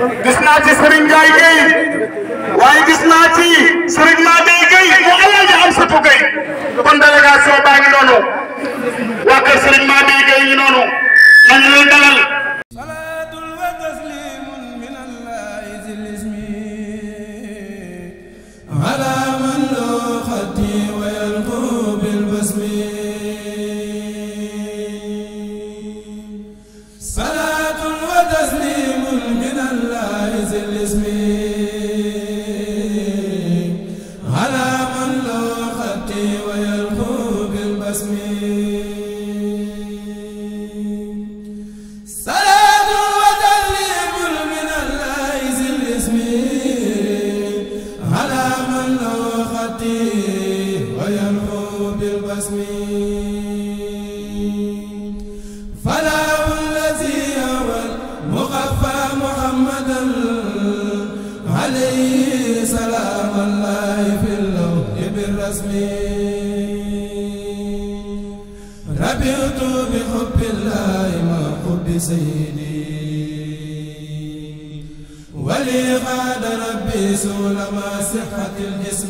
कृष्णाजी सरिंगाई गई वाई वही कृष्णाजी सरिंगा दी गई वो अलग जाम से तो गई बंदा लगा सो बैंगलोर वाकर सरिंगा दे गई इन्होंने मंजूर दल سيدي ولي قاد ربي سول ما صحة الجسم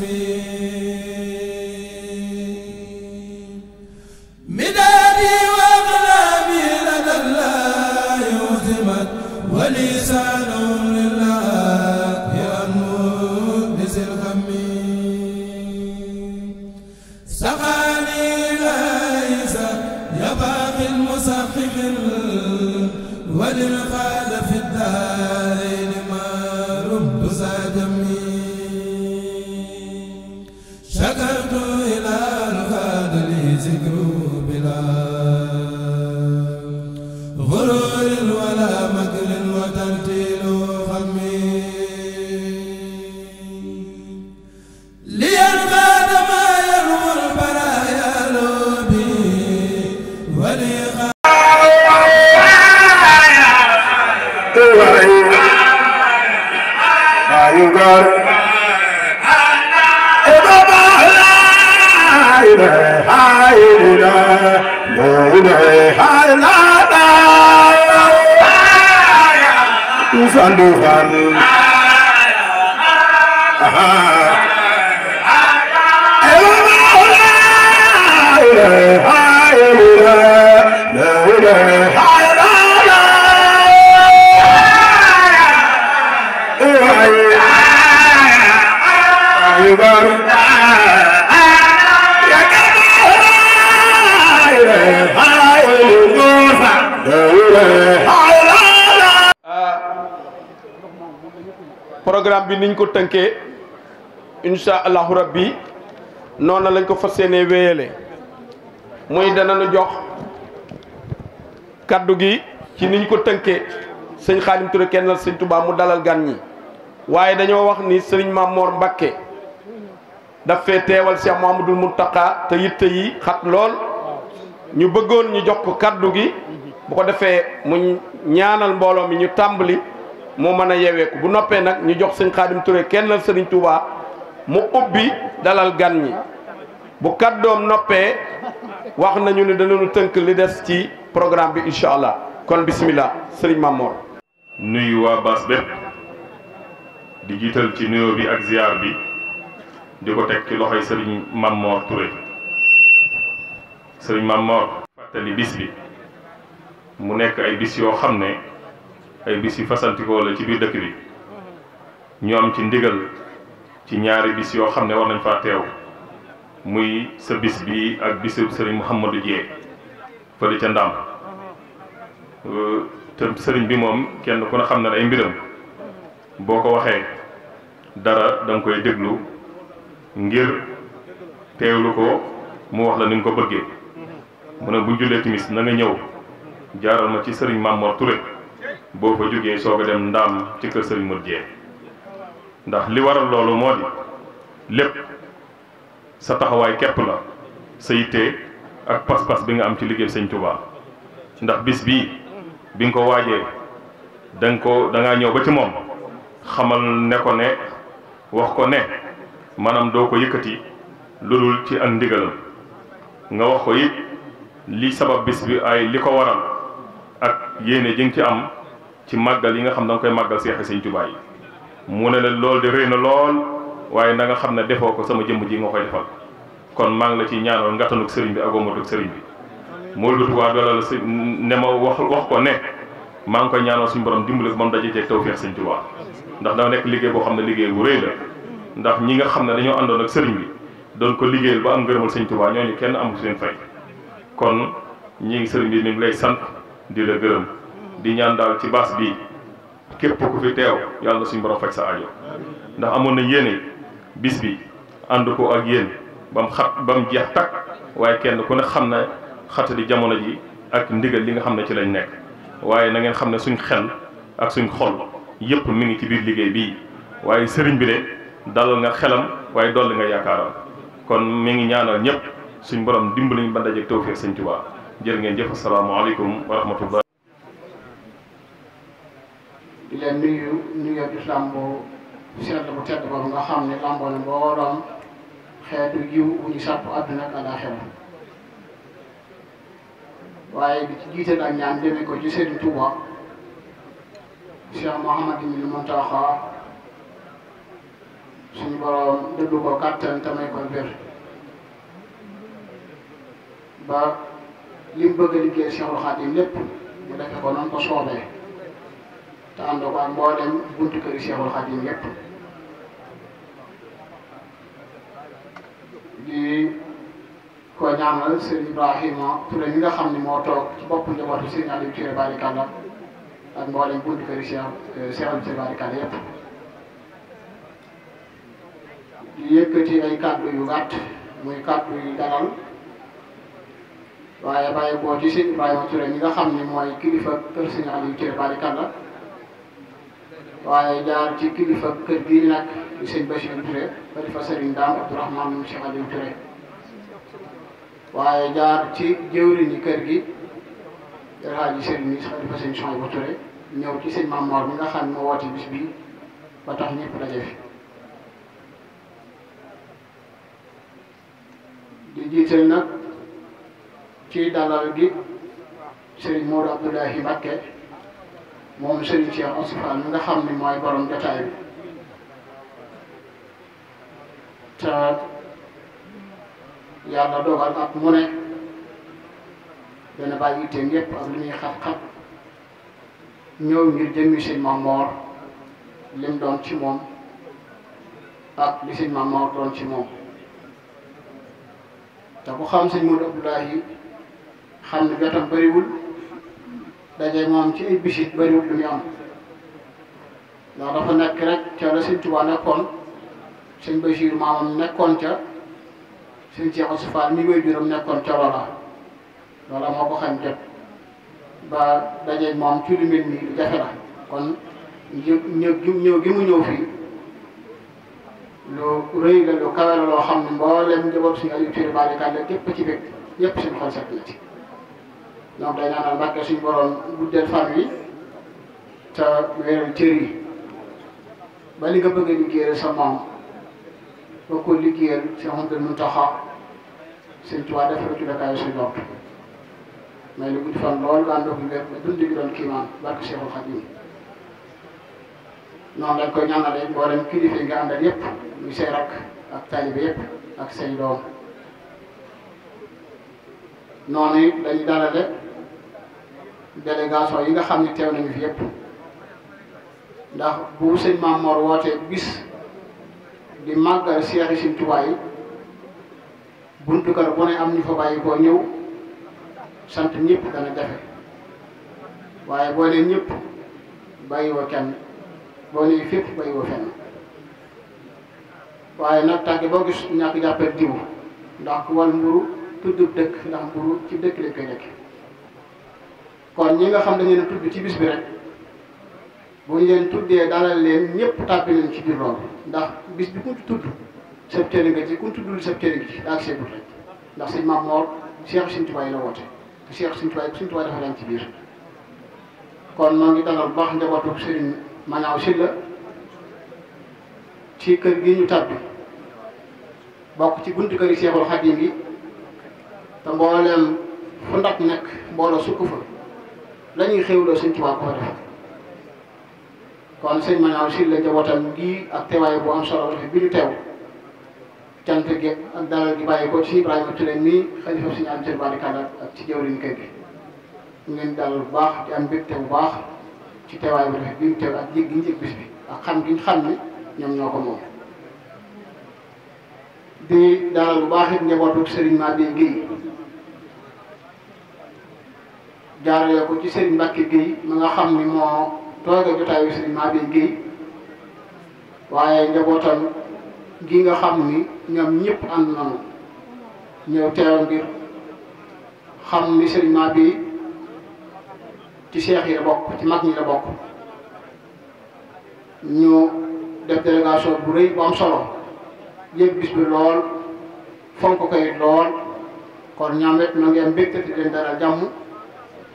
Program bi niñ ko tënkee insha allah rabbi non lañ ko fassene yéenee wéyale dana ñu jox kaddu gi ci niñ ko tënkee sëñ Xaadim Touré kennal sëñ Touba mu dalal gan ñi waye dañoo wax ni sëriñ mamour mbacké da fé téwal Cheikh mamadou muntaka te yitté yi xat lool ñu bëggoon ñu jox ko kaddu gi bu ko défé mu ñaanal mbolo mi ñu tambali mo meuna yewé ko bu noppé nak ñu jox sëñ Khadim Touré kenn la sëriñ Touba mu ubbi dalal gan ñi bu kaddom noppé wax nañu da danañu teunk li dess ci programme bi inshallah kon bismillah sëriñ Mamour nuyu wa bass bép di jital ci nuyoo bi ak ziar bi diko tek ci loxoy sëriñ Mamour Touré sëriñ Mamour bis bi mu nek ay bis yo xamné ay bis yu fasantikoo ci biir dëkk bi ñu am ci ndigal ci ñaari bis yoo xam ne war nañ fa teew muy sa bis bi ak bisu sëriñ Mouhamadou Dieng fële ca Ndam euh, te sëriñ bi moom kenn ku ne xam ne ay mbiram boo ko waxee dara da nga koy déglu ngir teewlu ko mu wax la ni nga ko bëggee mu bu jullee timis na ñëw jaaral ma ci sëriñ Mamor Touré. boo fa jógee soog a dem ndaam ci kër sa Modou Dieng ndax li waral loolu moo di lépp sa taxawaay képp la sa yitte ak pas-pas bi nga am ci liggéey sañ Touba ndax bis bii bi nga ko waajee da ko danga ñëw ba ci moom xamal ne ko ne wax ko ne maanaam doo ko yëkkati lu dul ci ak ndigalam nga wax ko it li sabab bis bi ay li ko waral ak yéene ji nga ci am ci màggal yi nga xam da nga koy màggal seexe sëñ Tuubaa yi mu ne la loolu de rëy na lool waaye na nga xam ne defoo ko sama jëmm ji nga koy defal kon maa ngi la ciy ñaanal ngattanuk sëriñ bi ak omatug sëriñ bi moolu dutuwaa dalal si ne ma wax wax ko ne maa ngi koy ñaanal suñu borom dimbali moom daje ceeg tawfeex sëñ Tuubaa ndax dafa nekk liggéey boo xam ne liggéey bu rëy ndax ñi nga xam ne dañoo àndoon ak sëriñ bi doon ko liggéeyal ba am ngërëmal sëñ Tuubaa ñooñu kenn amul seen fay kon ñi sëriñ bi mi ngi lay sant di la gërëm di ñaan ci bass bi képp ku fi teew yalla suñu borom fajj sa aajo ndax amoon na bis bi and ko ak yene bam xat bam jeex tak waye kenn ku ne xamna xata di jamono ji ak ndigal li nga xamne ci lañ nek waye na ngeen xamne suñu xel ak suñu xol yépp mi ngi ci biir liggéey bi waye sëriñ bi de dal nga xelam waye nga yaakaaram kon mi ngi ñaanal ñepp suñu borom dimbali ñu ba dajeeg tawfeex sëñ Tuubaa ngeen jëf alaykum wa rahmatullahi di leen nuyu nuyu ak islam bu sell bu tedd boobu nga xam ne lamboo na mbooloom xeetu yiw bu ñu sàpp àdduna ak àllaaxira waaye di ci jiital ak ñaan jëme ko ci Serigne Touba Cheikh Mouhamadou Mountakha suñu borom dëddu ko kàttan te may ko wér ba li mu bëgg a liggéey Cheikhul Khadim lépp mu defe ko noonu ko soobee te àndoo ko ak mboolem buntu këri Seexul Xadim yépp di ko ñaanal sëriñ Ibrahima Touré mi nga xam ne moo toog ci bopp njabootu sëriñ Aliou Touré Barikalla ak mboolem buntu këri Seex Seexul Touré Barikalla yépp di yëkkati ay kàddu yu gàtt muy kàddu yu dalal waaye bàyyi boo ci sëriñ Ibrahima Touré mi nga xam ne mooy kilifa kër sëriñ Aliou Touré Barikalla waaye jaar ci kilifa kër gi nag di sëñ Bachir Touré xalifa Serigne Dame Abdourahmane moom Cheikh Aliou Touré waaye jaar ci jëwriñi kër gi El Hadji Serigne xalifa sëñ Chouaïbou Touré ñëw ci sëñ Mamor mi nga xam moo woote bis bi ba tax ñëpp daje di jiital nag ci dalal gi Serigne Modou Abdoulahi Mbacké moom Serigne Cheikh Ousseyn Fall mi nga xam ni mooy borom jotaay bi te yàlla dogal ak mu ne dana bàyyi itteem yépp ak li muy xat-xat ñëw ngir jëmmi sëñ Mamor lim doon ci moom ak li sëñ Mamor doon ci moom te ku xam sëñ Modou Abdoulaye xam ne jotam bëriwul. daje moom ci ay bisit bëriwul lu muy am ndax dafa nekk rek ca la sëñ Tuubaa nekkoon sëñ Bachir maamam nekkoon ca sëñ Cheikh Sufaan mi wéy juróom nekkoon ca loola loola moo ko xam jot ba daje moom ci lu mel nii jafe la kon ñëw ñëw gi mu ñëw fii lu rëy lu kawe loo xam ne mboolem njaboot suñu Aliou Touré Bally Kane la gépp ci bëgg yépp suñu xol set na ci ñoom day ñaanal mbàkke suñu borom guddeel fan wi te wéeral cër yi ba li nga bëgg a liggéeyal yëpp muy say rakk ak taalibe yëpp ak say doom noonu it dalale délégation yi nga xam ne teew nañu fi yëpp ndax bu sëñ Maam Mor wootee bis di màggal seexi sëñ Tuubaa yi buntu kër bu ne am ñu fa bàyyi koo ñëw sant ñëpp dana jafe waaye boo nee ñëpp bàyyiwoo kenn boo nee fépp bàyyiwoo fenn waaye nag tàgge boo gis ñàkk jàppal diw ndax wal mburu tuddub dëkk ndax mburu ci dëkk lañ koy dëkk kon ñi nga xam dañu leen tudd ci bis bi rek bu ñu leen tuddee dalal leen ñëpp tàbbi nañ ci biir loolu ndax bis bi ku ñu tudd sab cëri nga ci ku ñu tuddul sab cëri nga ci daal seebut rek ndax sëñ Maam Moor Cheikh yi ci biir kon moo ngi dalal bu baax njabootu Sëriñ Manaaw ci kër gi ñu tàbbi bokk ci buntu kër yi Seexul Xadiim yi te mbooleem fu ndax nekk mbooloo sukk fa la ñuy xéwloo si la jabootam gii ak teewaay bu am solo rafet bi ñu teew cant gi ak dalal gi bàyyi ko ci Ibrahima Touré mii xalifa suñu am cër bari ak ci jëwriñ kër gi ngeen dalal bu baax di am mbégte bu baax ci teewaay bu rafet bi ñu teew ak yëg gi ñu yëg bis bi ak xam gi ñu xam ni ñoom ñoo ko moom di dalal bu baax it njabootu sëriñ Mabé Guèye jaar jaarale ko ci sëriñ Mbacke Guèye mi nga xam ni moo toog a jotaayu sëriñ Mabeye Guèye waaye njabootam gi nga xam ni ñoom ñëpp ànd nañu ñëw teew ngir xam ni sëriñ Mabeye ci seex yi la bokk ci mag ñi la bokk ñu def délégation bu rëy bu am solo yëg bis bi lool fonk ko it lool kon ñoom it ñoo ngi am mbégte di leen dara jàmm.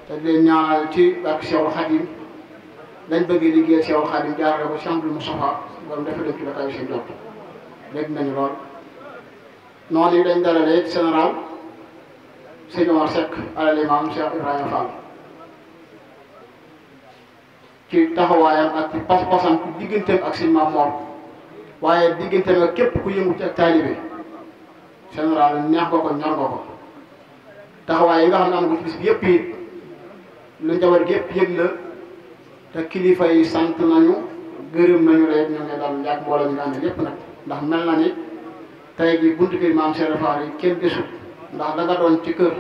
te di leen ñaanal ci barke Seexul Xadim lañ bëggee liggéeyal Seexul Xadim jaarale ko Cheikh Abdou Moustapha loolu dafa dem ci ba kaw seen jot dégg nañu lool. noonu yi dañ dalalee général sëñ Omar Seck alal imaam Cheikh Ibrahima Fall ci taxawaayam ak ci pas-pasam ci digganteem ak sëñ Maam Mor waaye digganteem ak képp ku yëngu ci ak taalibe général neex nga ko ñor nga ko taxawaay yi nga xam ne am nga ci bis bi yëpp it. lu njaboot gépp yëg la te kilifa yi sant nañu gërëm nañu la yëpp ñu ngi daal yàgg mbooloo ñu ànd yëpp nag ndax mel na ni tey jii buntu kër maam Cheikh Fall yi kenn gisul ndax da doon ci kër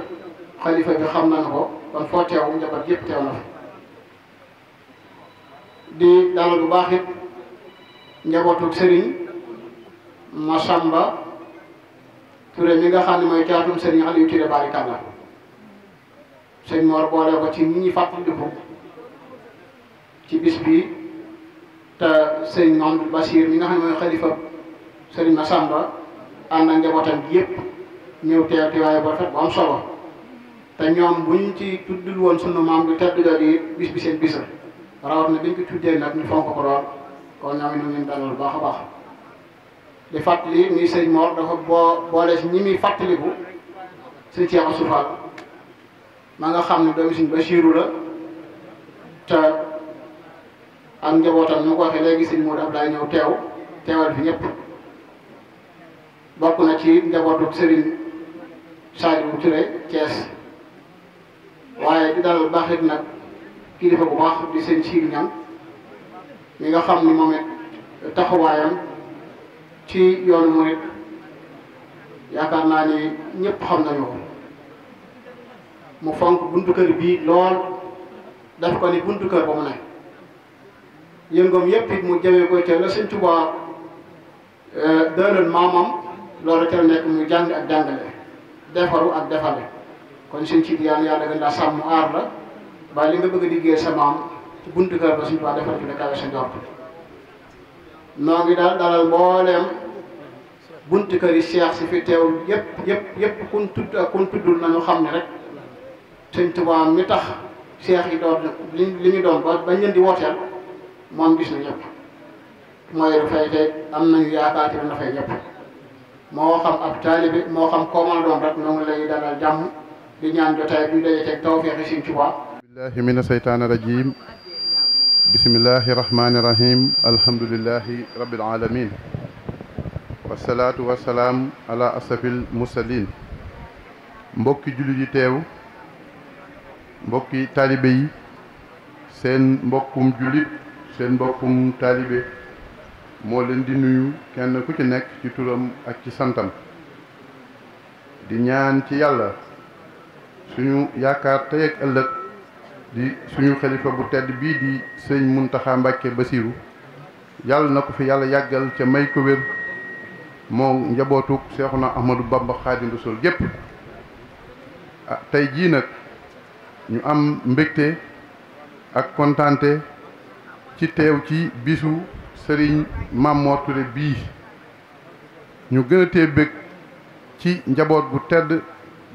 xalifa bi xam nañu ko kon foo teew njaboot yëpp teew na di dalal bu baax it njabootu sëriñ Masamba Touré mi nga xam ne mooy caatum sëriñ Aliou Touré la sëñ Mor boole ko ci ñi ñuy fàttaliku ci bis bi te sëñ Mamadou Bassir mi nga xam ne xalifa sëriñ Massamba ànd ak njabootam gi yëpp ñëw teew teewaay bu rafet bu am solo te ñoom bu ñu ci tuddul woon sunu maam du tedd jooju bis bi seen bis la rawatina bi ñu ko tuddee nag ñu fonk ko lool kon ñoom ñu ngi leen dalal baax a baax di fàttali ni sëñ boole ñi muy fàttaliku sëñ ma nga xam ne doomi sëñ Basiiru la te ak njabootam ñu ko waxee léegi sëñ Moodu Abdoulaye ñëw teew teewal fi ñëpp bokk na ci njabootu sëriñ Saliou Touré Thiès waaye di dalal baax it nag kilifa bu baax di sëñ Siir mi nga xam ne moom it taxawaayam ci yoonu murit yaakaar naa ni ñëpp xam nañu ko mu fonk buntu kër bii lool def ko ni buntu kër ba mu ne yëngoom yépp mu jëmee ko ca la Sëñ Tuubaa e, dëloon maamam loolu ca nekk mu jàng ak jàngale defaru ak defale kon seen ci yàlla yàlla gën laa sàmm aar la ba nga bëgg a liggéey sa maam buntu kër ba Sëñ Tuubaa defal ci la kawe sa njort noo ngi daal dalal mbooleem buntu kër yi seex si fi teew yépp yépp yépp kun tudd na kun xam ne rek sëñ Tuubaa mi tax seex yi li ñu doon ba bañ leen moom gis na ñëpp mooy dafay tey am nañu yaakaar te dina fay ñëpp moo xam ab taalibe moo xam koo doon rek ñoo lay dalal jàmm di ñaan jotaay bi daje teg tawfeexi sëñ Tuubaa billahi mina seytaani rajim bismillahi rahmani rahim alhamdulillahi rabbil alamin wasalaatu wasalaam ala asafil mursalin mbokki jullit yi teew mbokki taalibe yi seen mbokkum jullit seen mbokkum taalibe moo leen di nuyu kenn ku ci nekk ci turam ak ci santam di ñaan ci yàlla suñu yaakaar tey ak ëllëg di suñu xalifa bu tedd bii di sëñ Muntaxa Mbàkke Basiru yàlla na ko fi yàlla yàggal ca may ko wér moo njabootuk Seexuna Ahmadu Bamba Xaadimu Rasuul gépp ah, tey jii ñu am mbégte ak kontante ci teew ci bisu sëriñ Mamor Touré bii ñu gën a tee bég ci njaboot gu tedd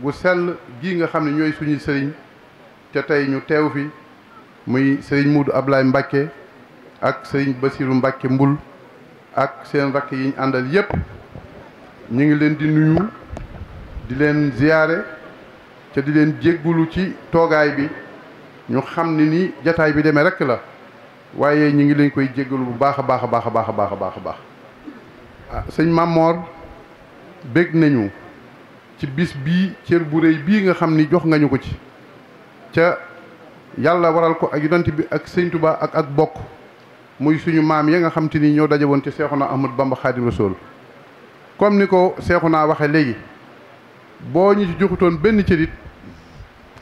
gu sel gi nga xam ne ñooy suñuy sëriñ te tey ñu teew fi muy sëriñ Muudu Ablaay Mbàkke ak sëriñ Basiiru Mbàkke Mbul ak seen rakk yi ñu àndal yépp ñu ngi leen di nuyu di leen ziyaare te di leen jéggulu ci toogaay bi ñu xam ne ni jataay bi demee rek la waaye ñu ngi leen koy jéggalu bu baax a baax a baax a baax a baax a baax a baax ah sëñ Mamor bég nañu ci bis bii cër bu bii nga xam ni jox nga ñu ko ci ca yàlla waral ko ak yonent bi ak sëñ Tuubaa ak ak bokk muy suñu maam ya nga xam te ni ñoo daje woon ci Seexuna Ahmadu Bamba Xaadimu sool comme ni ko Seexuna waxe léegi boo ñu ci joxutoon benn cërit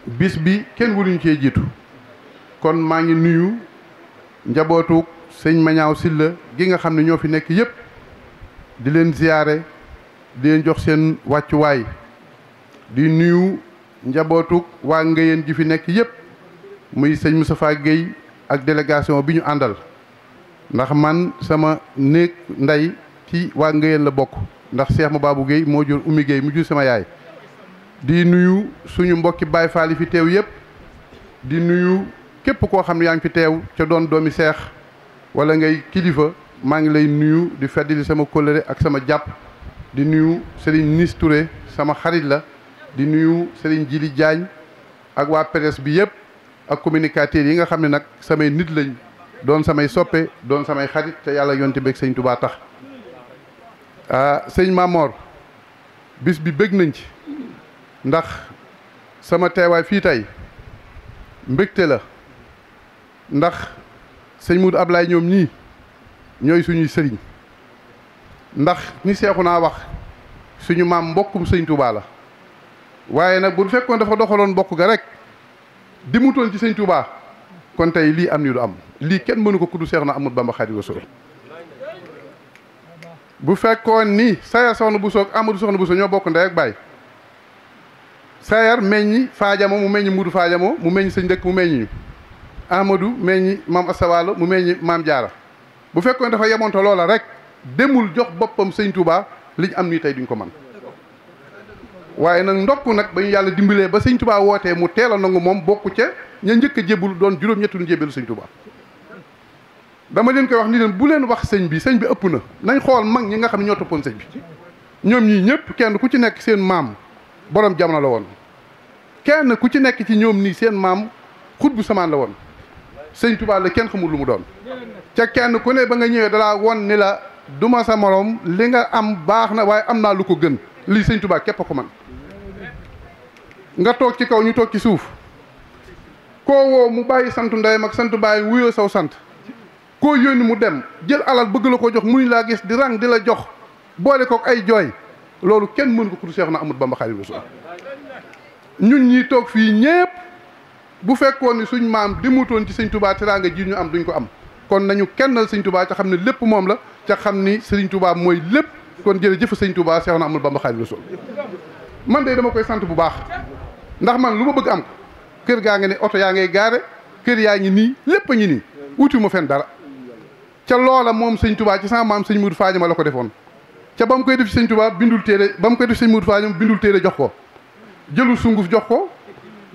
bis bi kenn waruñu cee jiitu kon maa ngi nuyu njabootu sëñ Mañaaw Silla gi nga xam ne ñoo fi nekk yépp di leen ziyaare di leen jox seen wàccuwaay di nuyu njabootu waa Ngéyeen ji fi nekk yépp muy sëñ Moustapha Guèye ak délégation bi ñu àndal ndax man sama néeg ndey ci waa Ngéyeen la bokk ndax Cheikh Mababou Guèye moo jur Oumy Guèye mu jur sama yaay di nuyu suñu mbokki Baay Faal yi fi teew yëpp di nuyu képp koo xam ne yaa ngi fi teew ca doon doomi seex wala ngay kilifa maa ngi lay nuyu di feddali sama kóllëre ak sama jàpp di nuyu Serigne Nis sama xarit la di nuyu Serigne Jili jaañ ak waa presse bi yëpp ak communicateurs yi nga xam ne nag samay nit lañ doon samay soppe doon samay xarit te yàlla yonte beeg sëñ Tubaa tax ah sëñ Mamor bis bi bëgg nañ ci ndax sama teewaay fii tey mbégte la ndax sëñ Moudou Ablaye ñoom ñii ñooy suñuy sëriñ ndax ni seexu naa wax suñu maam mbokkum sëñ Touba la waaye nag bu fekkoon dafa doxaloon mbokk ga rek di dimutoon ci sëñ Touba kon tey lii am ni du am lii kenn mënu ko kudd seexu na amut Bamba Xaadimu Rasuul bu fekkoon ni saya soxna bu soog Amadou soxna bu soog ñoo bokk ndey ak baay sayar meññi faajamo mu meññi mudu faajamo mu meññi sëñ dëkk mu meññi ñu ahmadou meññi maam asawaalo mu meññi maam jaara bu fekkoon dafa yemonte loola rek demul jox boppam sëñ Touba liñ am nii tey duñ ko man waaye nag ndokk nag ba ñu yàlla dimbalee ba sëñ Touba wootee mu teel a moom bokku ca ña njëkk a doon juróom-ñetti ñu jébelu sëñ Touba dama leen koy wax ni leen bu leen wax sëñ bi sëñ bi ëpp na nañ xool mag ñi nga xam ne ñoo toppoon sëñ bi ñii ñëpp kenn ku ci nekk seen maam borom jamono la woon kenn ku ci nekk ci ñoom nii seen maam xut bu samaan la woon sëñ la kenn xamul lu mu doon ca kenn ku ne ba nga ñëwee dalaa won ni la duma sa morom li nga am baax na waaye am naa lu ko gën lii sëñ Tuubaa ko man nga toog ci kaw ñu toog ci suuf koo woo mu bàyyi santu ndeyam ak sant bàyyi wuyoo saw sant koo yónni mu dem jël alal bëgg la ko jox muñ laa gis di rang di la jox boole ko ay jooy loolu kenn mënu ko ku seex na Bamba Xaadimu Rasuul ñun ñii toog fii ñépp bu fekkoon ni suñ maam demutoon ci sëñ tubaa teraanga ji ñu am duñ ko am kon nañu kenn sëñ tubaa ca xam ne lépp moom la ca xam ni sëriñ tubaa mooy lépp kon jërëjëf sëñ tubaa seex na amul bamba xaadimu rasuul man de dama koy sant bu baax ndax man lu ma bëgg am ko kër gaa ngi ne oto yaa ngay gaare kër yaa ngi nii lépp a ngi nii wuti ma fen dara ca loola moom sëñ tubaa ci sama maam sëñ Mudu Faajama la ko defoon ca ba mu koy def ci sëñ bindul téere ba mu koy def sëñ Mudu jox ko jëlu sunguf jox ko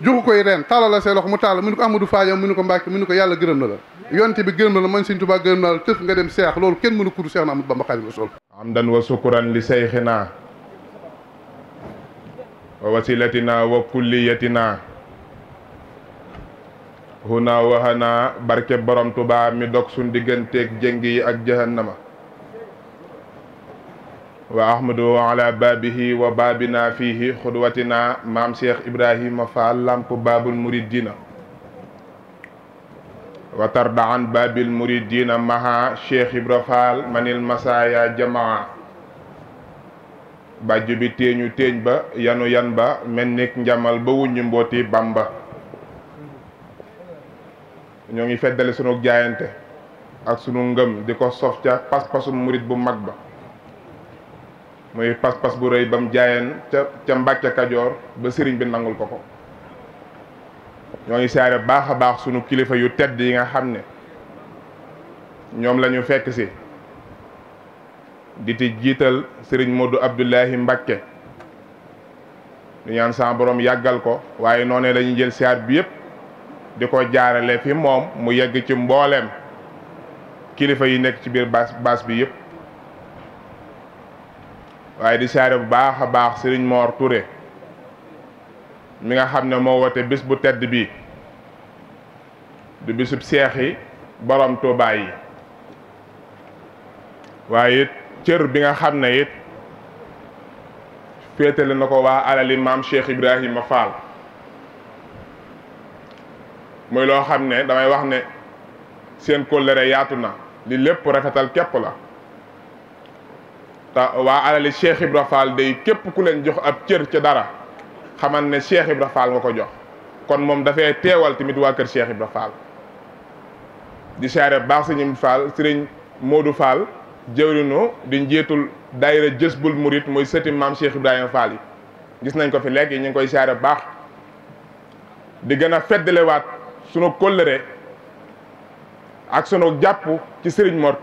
joxu koy reen tàllal la say loxo mu tàll mu ni ko Amadou Fadio mu ni ko Mbàkke mu ni ko yàlla gërëm na la yonte bi gërëm na la man Sëñ Tuubaa gërëm na la tëf nga dem seex loolu kenn mënu kudu seex na Amadou Bamba Xaadimu Rasuul amdan wa sukuran li seyxinaa wa wasilatina wa kulliyatina huna waxana barke borom Tuubaa mi dog suñ digganteeg jëng yi ak jahannama wa ahmadu wa ala babihi wa babina fihi xudwatina maam cheikh ibrahima fall lamp babul muridina wa tarda an babil muridina maha cheikh ibra fall manil masaya jamaa bàjju bi téeñu téeñ ba yanu yan ba mel njamal ba wuññu mbooti bamba ñoo ngi feddale sunu jaayante ak sunu ngëm di ko sof ca pas-pasum murid bu mag ba moy pas-pas bu reuy bam jaayen ca ca mbacca Kajoor ba serigne bi nangul ko ko ñoo baax suñu sunu kilifa yu tedd yi nga xam ñom lañu fekk ci di ti jital serigne Modou Abdoulahi mbacke ñaan sa borom yagal ko waye noné lañu jël siyaar bi yépp di ko jaarale fi mom mu yegg ci mbooleem kilifa yi nekk ci bir bas bas bi yépp waaye di siyaare bu baax a baax Serigne Mor Touré mi nga xam ne moo woote bis bu tedd bi du bisub seex yi borom Touba yi waaye it cër bi nga xam ne it féetale na ko waa alali maam Cheikh ma Fall muy loo xam ne damay wax ne seen kóllëre yaatu na li lépp rafetal képp la te waa alali Cheikh Ibra Fall day képp ku leen jox ab cër ca dara xamal ne Cheikh Ibra Fall nga ko jox kon moom dafay teewal tamit waa kër Cheikh Ibra Fall di saare baax sëriñ Fall sëriñ Modou Fall jëwrinu di njiitul jës Jësbul Murit mooy sëti maam Cheikh Ibrahima Fall yi gis nañ ko fi léegi ñu ngi koy saare baax di gën a feddalewaat sunu kóllëre ak sunu jàpp ci sëriñ Mor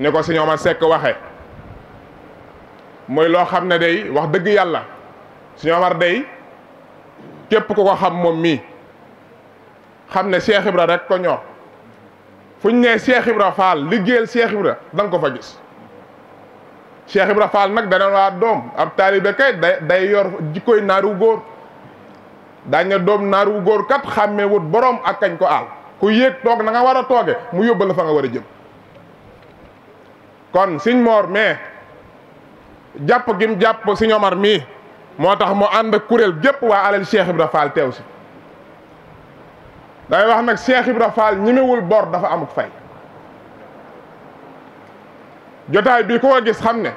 ne ko señu ma sek waxe moy lo xamne day wax deug yalla señu war day kep ko ko xam mom mi xamne Cheikh Ibra rek ko ñor fuñ ne Cheikh Ibra Fall liggeel Cheikh Ibra dang ko fa gis Cheikh Ibra Fall nak dana wa dom ab taalibe kay day yor jikkoy naaru góor daañu dom naaru goor kat xàmmee wut borom ak kañ ko al ku yek tok na nga wara toge mu yóbbu fa nga wara jëm. kon sëñ moor mais jàpp gim jàpp sëñ Omar mii moo tax mu ànd kuréel gépp waa alal Cheikh Ibra Fall teew si day wax nag Cheikh Ibra Fall ñimewul bor dafa amuk fay jotaay bi ko gis xam ne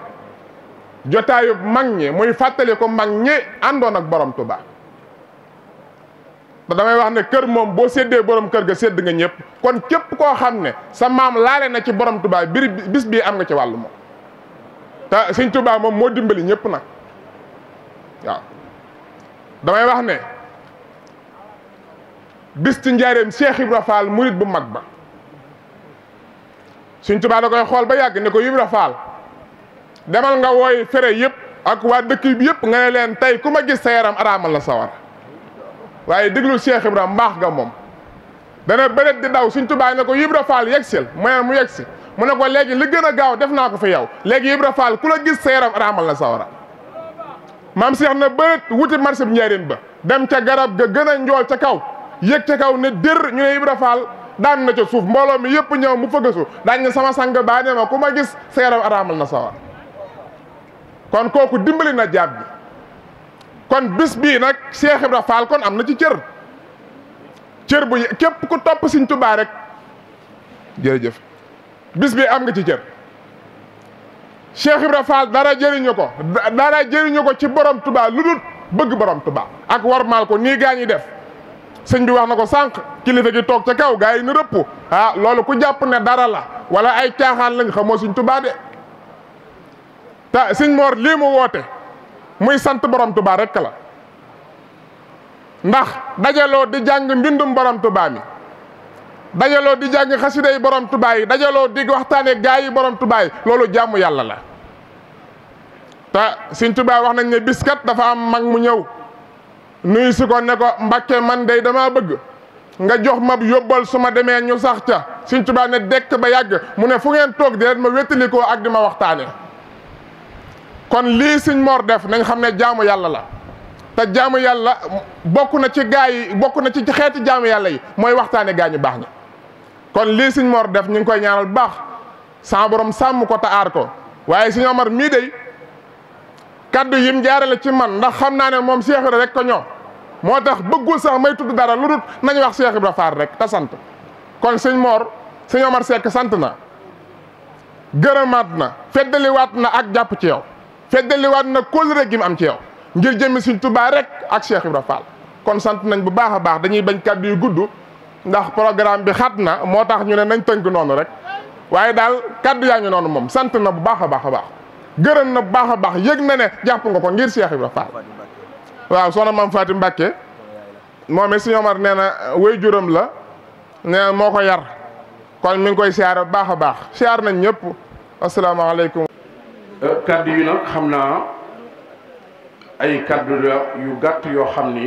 jotaayu mag ñi muy fàttali ko mag ñi àndoon ak borom Tuubaa te damay wax ne kër moom boo séddee borom kër ga sédd nga ñëpp kon képp koo xam ne sa maam laale na ci borom Touba bir bis bii am nga ci wàllu moom te sëñ Touba moom moo dimbali ñëpp nag waaw damay wax ne bis ci njaareem Cheikh Ibra Fall murit bu mag ba sëñ Touba da koy xool ba yàgg ne ko Ibra Fall demal nga wooy fere yëpp ak waa dëkk bi yëpp nga ne leen tey ku ma gis sa yaram araamal la sawar waaye déglu Cheikh Ibra mbaax nga moom dana bëreet di daw suñ baa ne ko Ibra Fall yegsil moyen mu yegsi mu ne ko léegi li gën a gaaw def naa ko fi yow léegi Ibra Fall ku la gis sa yaram raamal na sawara maam Cheikh na bëreet wuti marché bi njëriñ ba dem ca garab ga gën a njool ca kaw yëg ca kaw ne dër ñu ne Ibra Fall daan na ca suuf mbooloo mi yëpp ñaw mu fëggasu daañ ne sama sang baa ne ma ku ma gis sa yaram araamal na sawara kon kooku dimbali na jaab kon bis bii nag Cheikh Ibra kon am na ci cër cër bu képp ku topp Sëñ Tuubaa rek jërëjëf bis bi am nga ci cër Cheikh Ibra Fall dara jëriñu ko dara jëriñu ko ci borom Tuubaa lu dul bëgg borom tubaa ak war warmaal ko nii gaa ñi def sëñ bi wax na ko sànq kilifa gi toog ca kaw gaa yi ni rëpp ah loolu ku jàpp ne dara la wala ay caaxaan lañ xamoo Sëñ Tuubaa de te sëñ Mor lii mu woote muy sant borom tuba rek la ndax dajalo di jang mbindum borom tuba mi dajalo di jang xasida yi borom tuba yi dajalo di waxtane gaay yi borom tuba yi loolu jamu yalla la ta Sëñ Tubaa wax nañ ne biskat dafa am mag mu ñew nuy su ko ne ko mbacke man day dama bëgg nga jox mab yobbal suma deme ñu sax ca Sëñ Tubaa ne dekk ba yagg mu ne fu ngeen tok di ma ak dima waxtane kon lii sëñ moor def nañ xam ne jaamu yàlla la te jaamu yàlla bokk na ci gaa yi bokk na ci xeeti jaamu yàlla yi mooy waxtaane gaa ñu baax na kon lii sëñ Mor def ñu ngi koy ñaanal baax sama borom sàmm ko te ko waaye sëñ Omar mii day kaddu yim jaarale ci man ndax xam naa ne moom Cheikh Ibra rek ko ñoo moo tax bëggul sax may tudd dara lu dul nañu wax Cheikh Ibra Faar rek te sant kon sëñ moor sëñ Omar Seck sant na gërëmaat na feddaliwaat na ak jàpp ci yow feddaliwaat na kóllëre gi mu am ci yow ngir jëmmi suñ tubaa rek ak Cheikh Ibra Fall kon sant nañ bu baax a baax dañuy bañ kàddu yu gudd ndax programme bi xat na moo tax ñu ne nañ tënk noonu rek waaye daal kàddu yaa ngi noonu moom sant na bu baax a baax a baax gërëm na bu baax a baax yëg na ne jàpp nga ko ngir Cheikh Ibra Fall waaw soxna maam Fatim Mbàkke moom it siñoomar nee na way juróom la nee na moo ko yar kon mi ngi koy siyaar baax a baax siyaar nañ ñëpp asalaamaaleykum Euh, kaddu yi nag xam naa ay kaddu yu gàtt yoo xam ni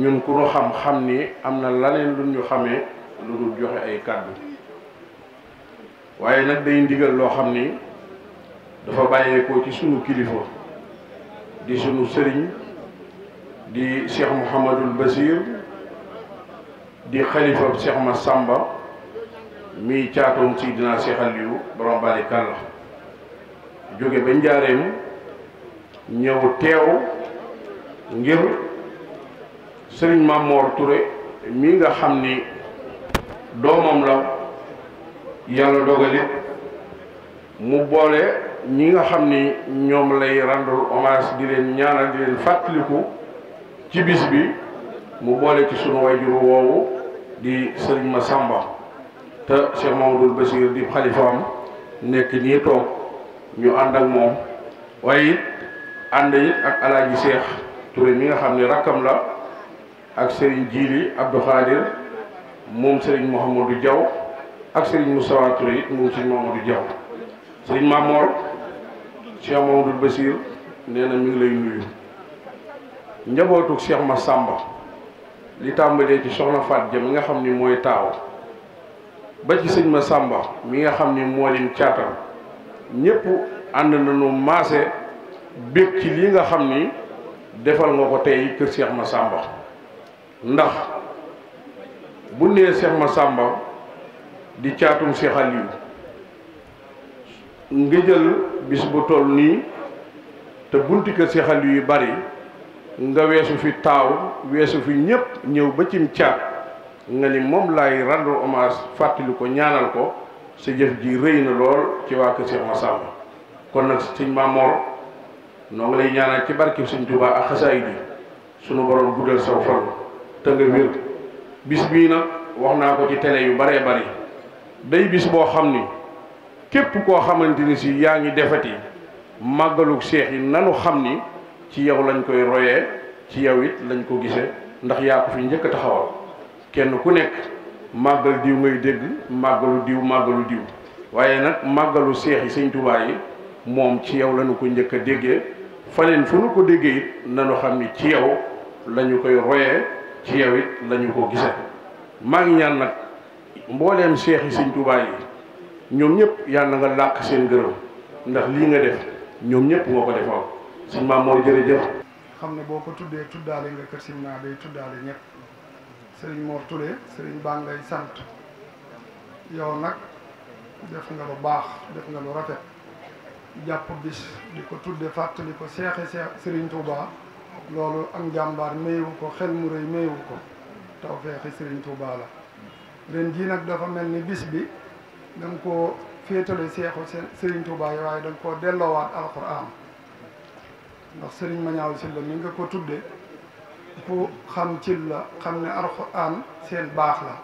ñun ku ñu xam xam ni am na laneen lu ñu xamee lu dul joxe ay kaddu waaye nag day ndigal loo xam ni dafa bàyyeekoo ci sunu kilifa di sunu sëriñ di Cheikh Mouhamadul Basir di xalifa ma sàmba mi caatoom si dinaa Cheikh Aliou borom bari kàlla jóge ba njaareem ñëw teew ngir sëriñ Mamor Touré mi nga xam ni doomam la yàlla dogalit mu boole ñi nga xam ni ñoom lay rendre hommage di leen ñaanal di leen fàttaliku ci bis bi mu boole ci sunu wayjur woowu di sëriñ Massamba te Cheikh Mamadou Bassir di xalifaam nekk nii toog ñu and ak mom waye and ak alaaji cheikh Touré mi nga xamni rakam la ak Serigne Djili Abdou Khadir mom Serigne Mouhamadou Diaw ak Serigne moussa Touré mom Serigne Mouhamadou Diaw Serigne Mamor Cheikh mamadou Bassir neena mi ngi lay nuyu njabootuk Cheikh Massamba li tambalé ci soxna fat Ja mi nga xamni ni taw ba ci sëñ Massamba mi nga xamni ni moo leen ñëpp ànd nañu maase bég ci lii nga xam ni defal nga ko tey kër seex ma Massamba ndax bu nee ma sàmba di caatum Cheikh Aliou jël bis bu toll nii te bunti kër Cheikh yu bari nga weesu fi taaw weesu fi ñépp ñëw ba cim caat nga ni moom lay rendre hommage fàttali ko ñaanal ko sa jëf ji rëy na lool ci waa kër Cheikh kon nag sëñ Mamor noo ngi lay ñaanal ci barkeb sëñ Tuubaa ak xasaay bi sunu borom guddal saw fan te nga bis bii nag wax naa ko ci télé yu baree bari day bis boo xam ni képp koo xamante ni si yaa ngi defati màggalu seex yi nanu xam ni ci yow lañ koy royee ci yow it lañ ko gisee ndax yaa ko fi njëkk a taxawal kenn ku nekk. màggal diw ngay dégg màggalu diw màggalu diw waaye nag màggalu seex yi sëñ Tuubaa yi moom ci yow lañu ko njëkk a déggee faneen fu nu ko déggee it nañu xam ni ci yow lañu koy royee ci yow it lañu ko gisee maa ñaan nag mbooleem seex yi sëñ Tuubaa yi ñoom ñëpp yàlla nga làq seen gërëm ndax lii nga def ñoom ñëpp nga ko defoon sëñ Maam Mor jërëjëf. xam ne boo ko tuddee tuddaale nga kër Simna day tuddaale ñëpp. sëriñ Mor Touré sëriñ baa ngi sant yow nag def nga lu baax def nga lu rafet jàpp bis di ko tudde fàttali ko seexe seex sëriñ Touba loolu ak njàmbaar mayewu ko xel mu rëy mayewu ko taw feexi sëriñ Touba la ren jii nag dafa mel ni bis bi da nga koo féetale seexu sëriñ Touba yi waaye da nga koo delloowaat alquran ndax sëriñ Mañaaw Sylla ni nga ko tudde ku xam ci la xam ne alxuraan seen baax la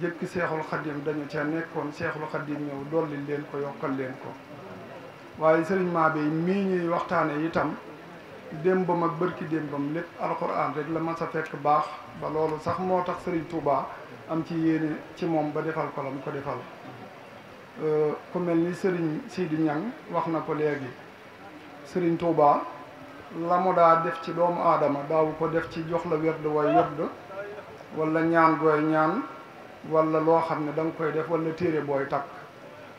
jëkk seexul xadim dañu ca nekkoon seexul xadim ñëw dolli leen ko yokkal leen ko waaye sëriñ Mabé mii ñuy waxtaane itam démbam ak bërki démbam lépp alxuraan rek la ma sa fekk baax ba loolu sax moo tax sëriñ Touba am ci yéene ci moom ba defal ko la mu ko defal euh, ku mel ni sëriñ Sidi ñaŋ wax na ko léegi sëriñ Touba la mu daa def ci doomu aadama daawu ko def ci jox la werd way werd wala ñaan gooy ñaan wala loo xam ne da nga koy def wala téere booy takk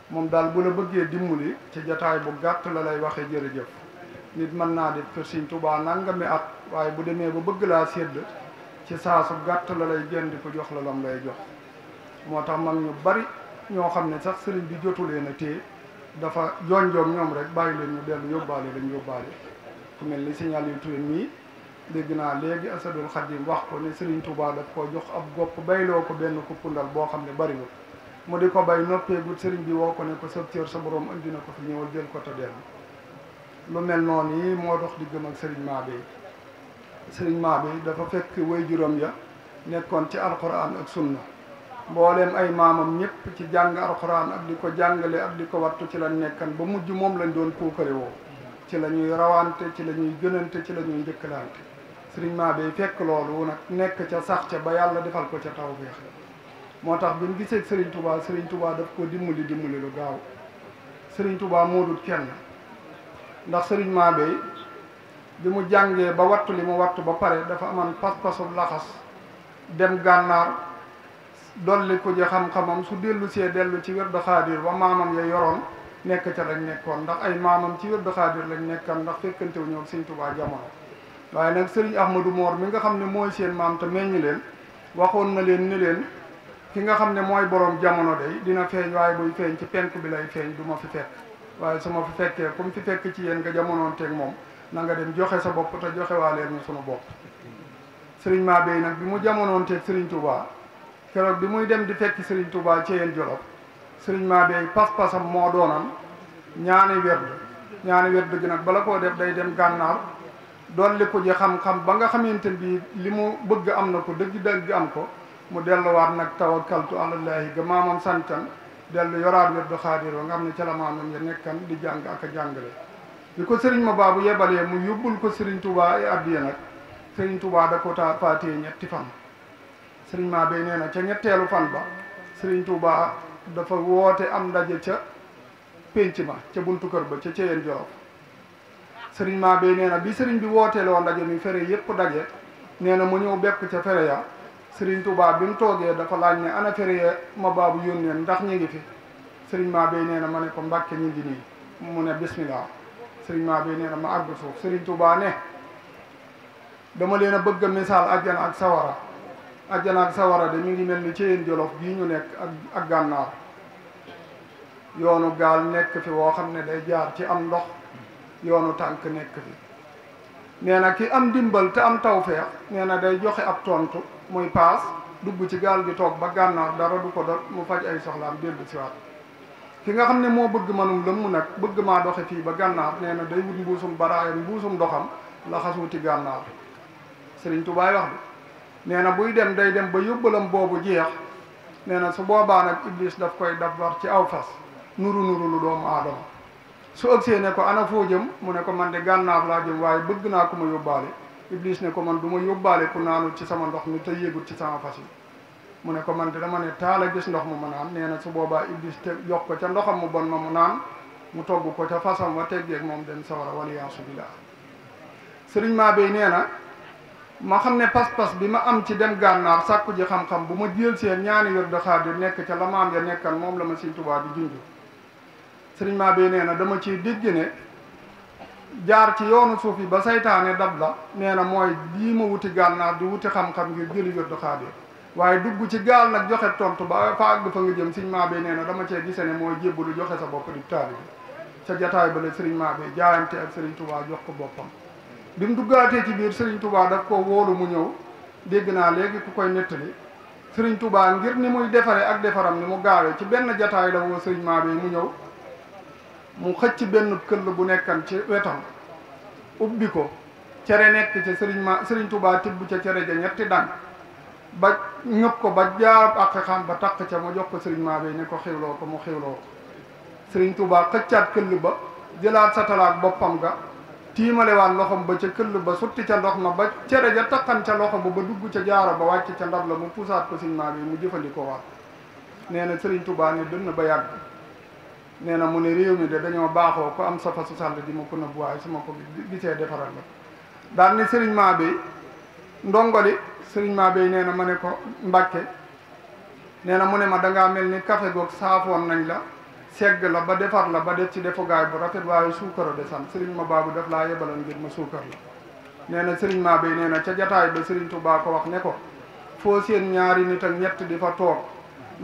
moom daal bu la bëggee dimbali ci jataay bu gàtt la lay waxee jërëjëf nit mën naa def kër Sëriñ Tuubaa nangami at waaye bu demee ba bëgg laa sedd ci saasu gàtt la lay di ko jox la lam lay jox moo tax man ñu bari ñoo xam ne sax sëriñ bi jotu leen a téye dafa jonjoom ñoom rek bàyyi leen ñu dellu yóbbaale lañu yóbbaale ku mel ni signal yu turé mii dégg naa léegi asadul xadim wax ko ne Serigne Touba daf koo jox ab gopp bayloo ko benn kuppundal boo xam ne bariwul mu di ko bay noppeegut Serigne bi woo ko ne ko sëb cër sa borom andi na ko fi ñëwal jël ko te dellu lu mel noonu yi moo dox diggam ak Serigne Mabé Serigne Mabé dafa fekk way juróom ya nekkoon ci alquran ak sunna mbooleem ay maamam ñëpp ci jàng alquran ak di ko jàngale ak di ko wattu ci la nekkan ba mujj moom lañ doon puukare woo ci la ñuy rawante ci la ñuy gënante ci la ñuy njëkkalante sëriñ Mabéye fekk loolu nag nekk ca sax ca ba yàlla defal ko ca tawfeex moo tax bi mu gisee sëriñ Touba sëriñ Touba daf ko dimbali dimbali lu gaaw sëriñ Touba moo dul kenn ndax sëriñ Mabéye bi mu jàngee ba wattu li mu wattu ba pare dafa amoon pas-pasu laxas dem gànnaar dolli ko ji xam-xamam su dellu see dellu ci wér de xaadir ba maamam ya yoroon nekk ca rek nekkoon ndax ay maamam ci wérdu xaadir lañ nekkan ndax fekkante wu ñoom sëñ jamono waaye nag sëriñ du moor mi nga xam ne mooy seen maam te meññ leen waxoon na leen ni leen ki nga xam ne mooy borom jamono dey dina feeñ waaye buy feeñ ci penk bi lay feeñ du ma fi fekk waaye su ma fi fekkee comme fi fekk ci yéen nga jamonoonteeg moom na nga dem joxe sa bopp te joxe waa leen sunu bopp maa Mabéye nag bi mu jamonoonteeg sëriñ Touba keroog bi muy dem di fekk sëriñ Touba ci yéen Jolof sëriñ maa beey pas-pasam moo doonan ñaani werd ñaani werd gi nag bala koo def day dem gànnaar dolli ko ji xam-xam ba nga xamante bi li mu bëgg am na ko dëgg dëgg am ko mu delluwaat nag tawakkaltu alallaahi ga maamam santan dellu yoraat werd xaadir ba nga xam ne ca la ya nekkan di jàng ak a jàngale bi ko sëriñ ma baabu yebalee mu yóbbul ko sëriñ tubaa ay addiya nag sëriñ tubaa da ko taa faatee ñetti fan sëriñ maa beey nee na ca ñetteelu dafa woote am ndaje ca pénc ma ca buntu kër ba ca ceyeen joof sëriñ maa bay nee na bi sëriñ bi wooteeloo ndaje mi fere yëpp daje nee na mu ñëw bekk ca fere ya sëriñ Touba bi mu toogee dafa laaj ne ana fere ya ma baabu yónneen ndax ñu ngi fi sëriñ maa bay nee na ma ne ko mbàkke ñu ngi nii mu ne bismillah sëriñ maa bay nee ma àgg suuf sëriñ Touba ne dama leen a bëgg a misaal àjjana ak sawara ajjana ak sawara de mi ngi mel ni ceyeen jolof bii ñu nekk ak ak gànnaar yoonu gaal nekk fi woo xam ne day jaar ci am ndox yoonu tànk nekk fi nee na ki am dimbal te am tawfeex nee na day joxe ab tontu muy paas dugg ci gaal gi toog ba gànnaar dara du ko da mu faj ay soxlaam dellu si waat ki nga xam ne moo bëgg manum lëmm nag bëgg maa doxe fii ba gànnaar nee na day wut mbuusum baraayam mbuusum doxam la xasuuti gànnaar Sëriñ Tubaay wax bi nee na buy dem day dem ba yóbbalam boobu jeex nee na su boobaa nag iblis daf koy daf war ci aw fas nuru nuru lu doomu aadama su ëgsee ne ko ana foo jëm mu ne ko man de gànnaar laa jëm waaye bëgg naa ku ma yóbbaale iblis ne ko man du ma yóbbaale ku naanul ci sama ndox mi te yéegut ci sama fas yi mu ne ko man de dama ne taala gis ndox mu ma naan nee na su boobaa iblis te yokk ko ca ndoxam mu bon ma mu naan mu togg ko ca fasam wa teggeeg moom dem sawara wala yaasu billah sëriñ Mabey nee na ma xam ne pas-pas bi ma am ci dem gànnaar sàkku ji xam-xam bu ma jël seen ñaani yor de xaadir nekk ca la maam ya nekkan moom la ma Sëriñ Tuubaa di junj sëriñ maa bi nee na dama ciy dégg ne jaar ci yoonu suuf yi ba saytaane dab la nee na mooy lii ma wuti gànnaar di wuti xam-xam ngir jëli yor de xaadir dugg ci gaal nag joxe tontu ba fa àgg fa nga jëm sëriñ maa bi nee na dama cee gise ne mooy jébbalu joxe sa bopp di bi sa jataay ba la sëriñ maa bi jaayante ak Sëriñ Tuubaa jox ko boppam bi mu duggaatee ci biir Serigne Touba daf ko wóolu mu ñëw dégg naa léegi ku koy nettali Serigne Touba ngir ni muy defaree ak defaram ni mu gaawee ci benn jataay la woo Serigne Mabé mu ñëw mu xëcc benn këll bu nekkan ci wetam ubbi ko cere nekk ci Serigne ma Serigne Touba tibb ca cere ja ñetti dànk ba ñëpp ko ba jaab ak xam ba takk ca mu jox ko Serigne Mabé ne ko xiwloo ko mu xiwloo ko Serigne Touba xëccaat këll ba jëlaat satalaat boppam ga. tiimalewaat loxom ba ca këll ba sotti ca ndox ma ba cere ja taqan ca loxo ba ba dugg ca jaaro ba wàcc ca ndab la mu pusaat ko siñ maa bi mu jëfandikoo waat nee na Sëriñ Tuubaa ne dënn ba yàgg nee na mu ne réew mi de dañoo baaxoo ko am safa su sàll di ma ko nëbb waaye su ma ko gisee defaral la daal ni Sëriñ maa bi ndongoli Sëriñ maa bi nee na ma ne ko Mbàkke nee na mu ne ma dangaa mel ni café goog saafoon nañ la segg la ba defar la ba def ci defugaay bu rafet waaye suukara de san sëriñ ma baabu def laa yebalal ngir ma suukar la nee na sëriñ maa bay nee na ca jataay ba sëriñ Tuubaa ko wax ne ko foo seen ñaari nit ak ñett di fa toog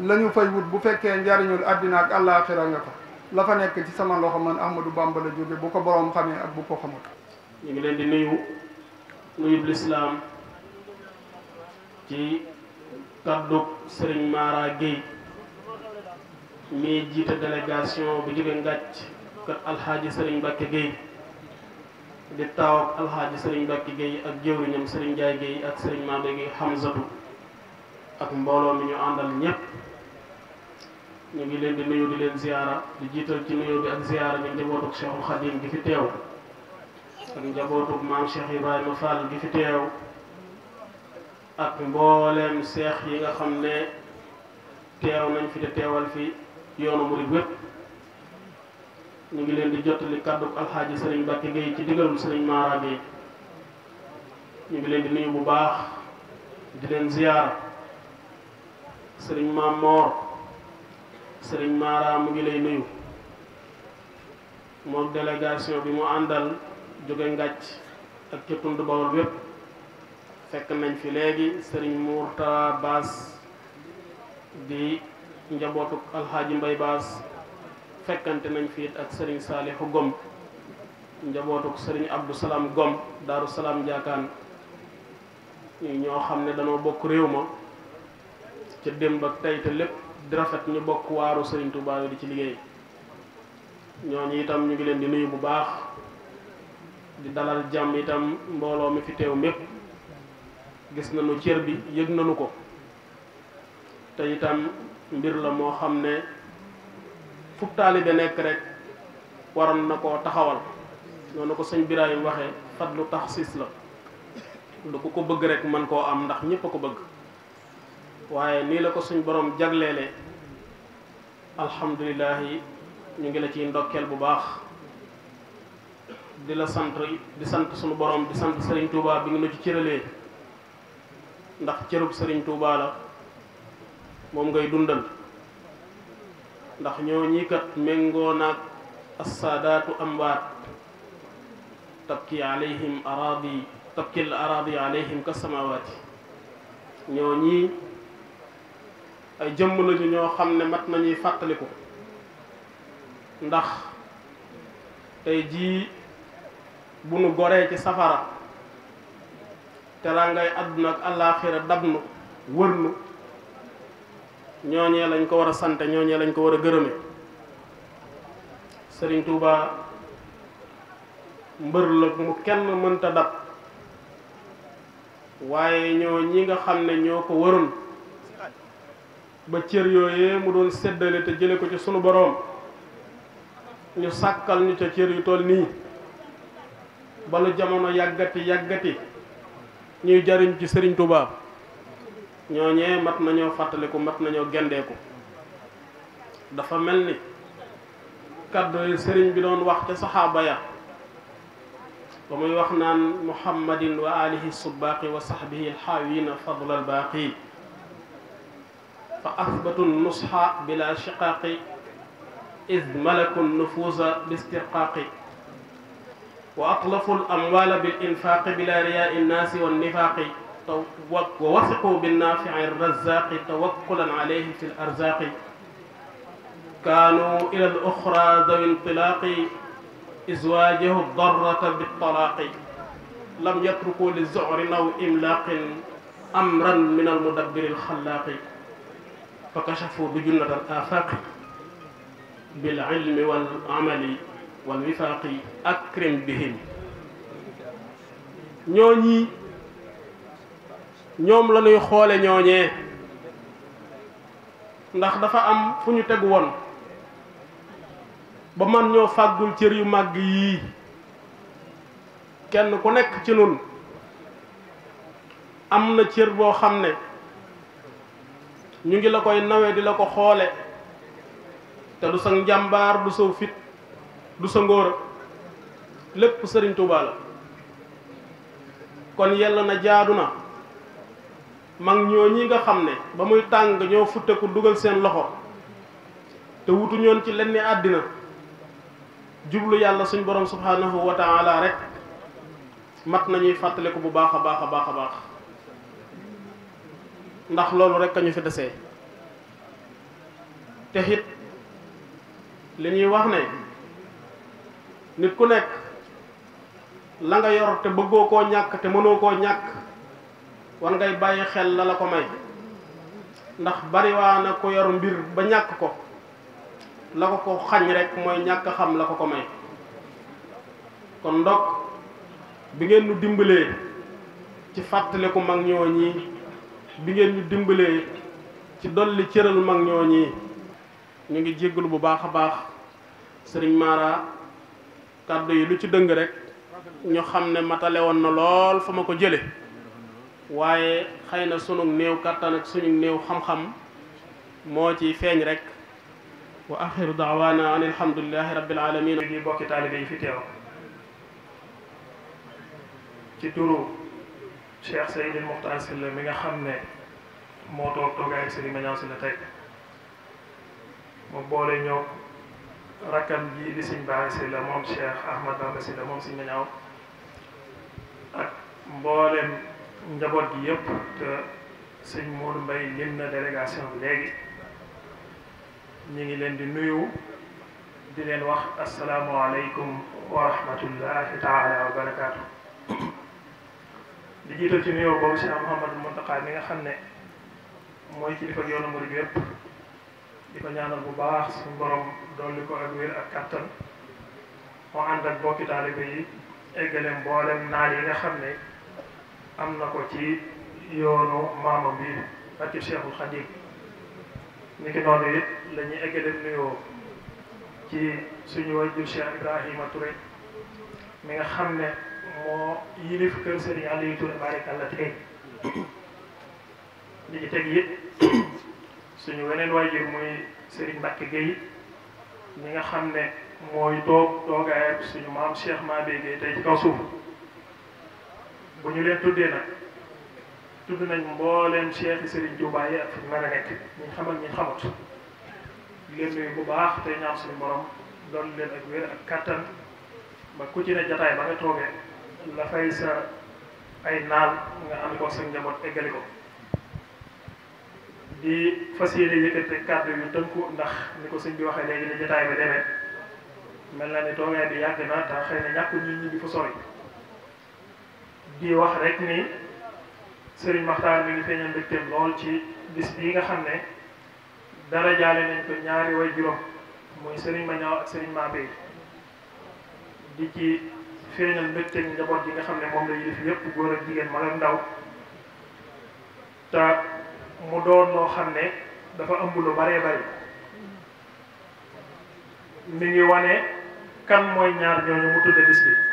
la fay wut bu fekkee njariñul àddina ak àllaaxira nga fa la fa nekk ci sama loxo man Ahmadou Bamba la jóge bu ko boroom xamee ak bu ko xamut ñu ngi leen di nuyu nuyub lislaam ci kaddu sëriñ Mara Guèye mii jiite délégation bu jigéen ngàcc kër alxaaji sëriñ Mbàkke Guèye di taaw ak alxaaji sëriñ Mbàkke géey ak jëwriñam sëriñ Njaay Guèye ak sëriñ Maade Guèye Hamzatu ak mbooloo mi ñu àndal ñépp ñu ngi leen di nuyu di leen ziyaara di jiital ci nuyu bi ak ziyaara bi njabootuk Cheikhul Khadim gi fi teew ak njabootuk maam Cheikh Ibrahima Fall gi fi teew ak mbooleem seex yi nga xam ne teew nañ fi te teewal fii ci yoonu murid wépp ñu ngi leen di jottali kàddu alxaaji sëriñ Mbàkke Gaye ci digalum sëriñ Mara Gaye ñu ngi leen di nuyu bu baax di leen ziyaar sëriñ Maam Moor sëriñ Mara mu ngi lay nuyu moom délégation bi mu àndal jóge ngàcc ak tund wépp fekk nañ fi léegi sëriñ Baas di al hadji mbay bass fekkante nañ fi ak serigne salih gom njabootuk serigne abdou salam gom daru salam jakan ñoo xam ne danoo bokk rewma ci dem ba tay te lepp di rafet ñu bokk waru serigne touba di ci ñoo ñi itam ñu ngi leen di nuyu bu baax di dalal jam itam tam mi fi tew mepp gis nañu cër bi yegg nañu ko te itam mbir la moo xam ne fukk taalibe nekk rek waroon na koo taxawal noonu ko sëñ Birahim lu tax siis la lu ku ko bëgg rek mën koo am ndax ñépp a ko bëgg waaye nii la ko suñ borom jagleele alhamdulilahi ñu ngi la ciy ndokkeel bu baax di la sant di sant suñu borom di sant sëriñ Touba bi nga nu ci cëralee ndax cërub sëriñ Touba la moom ngay dundal ndax ñoo ñi kat méngoo naag assaadaatu amwaat tabki alayhim araadi tabkil araadi alayhim ka samawaati ñoo ñii ay jëmm lañu ñoo xam ne mat nañuy fàttaliku ndax tey jii bu nu goree ci safara te laa ngay àdduna ak àllaaxira dab nu wër nu ñooñee lañ ko war a sante ñooñee lañ ko war a gërëme Sëriñ Tuuba mbër la mu kenn mënta dab waaye ñoo ñi nga xam ne ñoo ko waroon ba cër yooyee mu doon seddale te jële ko ci sunu boroom ñu sàkkal ñu ca cër yu tool nii balu jamono yàggati yàggati ñuy jariñ ci Sëriñ Tuuba ñoñé mat nañu fatalé ko mat nañu gendé ko dafa melni kaddo yi sëriñ bi doon wax ci sahaba ya ba muy wax naan muhammadin wa alihi subbaqi wa sahbihi alxaawina fadla albaaqi fa athbatu nusha bila shiqaqi id malaku nufuusa bistirqaaqi wa atlafu alamwaala bilinfaaqi bila riyaa innaasi wannifaaqi ووثقوا بالنافع الرزاق توكلا عليه في الأرزاق كانوا إلى الأخرى ذوي انطلاق إزواجه الضرة بالطلاق لم يتركوا للزعر أو إملاق أمرا من المدبر الخلاق فكشفوا بجنة الآفاق بالعلم والعمل والوفاق أكرم بهم ñoñi Nyom la ñuy nyonye, ñooñee ndax dafa am fu ñu tegu woon ba man ñoo fàggul cër yu màgg yii kenn ku nekk ci nun am na cër boo xam ne ñu ngi la koy di la ko xoole te du du fit du sa ngóor lépp sëriñ Tuuba la kon na jaadu mag ñoo ñi nga xam ne ba muy tàng ñoo futteku dugal seen loxo te wutu ñoon ci lenn àddina jublu yàlla suñ borom subhanahu wa taala rek mat nañuy fàttaliku bu baax a baax a baax a baax ndax loolu rek a ñu fi desee te it li ñuy wax ne nit ku nekk la nga yor te bëggoo koo ñàkk te mënoo koo ñàkk wan ngay bàyyi xel la la ko may ndax bariwaa na ko yor mbir ba ñàkk ko la ko ko xañ rek mooy ñàkk a xam la ko ko may kon ndokk bi ngeen ñu dimbalee ci fàttaliku mag ñoo ñii bi ngeen ñu dimbalee ci dolli cëral mag ñoo ñii ñu ngi jéggalu bu baax a baax sëriñ Mara kàddu yi lu ci dëng rek ñu xam ne matale woon na lool fa ma ko jële waye xeyna sunu néew kattan ak suñu néew xam-xam mo ci feñ rek wa akhiru da'wana an alhamdulilahi rabbil alamin bi bokk taalibe fi teew ci turu Cheikh sayyid al muhtar Silla mi nga xamne mo moo togay toogaay ak Serigne Magnan Silla tey mu boole ñoo rakam ji di Serigne Baay Silla mom Cheikh Ahmad Bamba Silla mom seigne Magnan ak mboolem njaboot gi yëpp te sëñ Modou Mbaye lim na délégation bi léegi ñu ngi leen di nuyu di leen wax asalaamualeykum wa rahmatullahi taala wa barakaatu. di jiital ci nuyoo boobu Cheikh Mouhamadou Mountakha mi nga xam ne mooy kilifa yoonu murid yëpp di ko ñaanal bu baax suñu borom dolli ko ak wér ak kattan moo ànd ak bokki taalibe yi eggale mboolem naal yi nga xam ne. am na ko ci yoonu maamam bi ak ci Cheikhul Khadim ni ki noonu it la ñuy eggale nuyoo ci suñu wajju Cheikh Ibrahima Touré mi nga xam ne moo yilif kër Serigne Aliou Touré barikàlla tey li ci teg it suñu weneen wajjur muy Serigne Mbacke Gueye mi nga xam ne mooy toog toogaayam suñu maam Cheikh Mabé Gueye tey ci bu ñu leen tuddee nag tudd nañ mbooleem Cheikh Serigne Touba yi ak fi mën a bu baax te ñaan borom doon leen ak wér ak ku ci ne jataay ba nga ay naal ko sa njaboot eggali ko di fas yéene yëkkate kàddu yu tënku ndax ni ko sëñ bi waxee léegi ne jataay bi demee mel na ni toogaay bi yàgg na te xëy na ñàkk ñun ñi di fa sori di wax rek ni Serigne Makhtar mi ngi feeñal mbégteem lool ci bis bii nga xam ne dara jaale nañ ko ñaari way juróom muy Serigne Mañaw ak Serigne Mabé di ci feeñal mbégteem njaboot gi nga xam ne moom la yëf yëpp góor ak jigéen ma ak ndaw te mu doon loo xam ne dafa ëmb lu baree bari mi ngi wane kan mooy ñaar ñooñu mu tudde bis bi.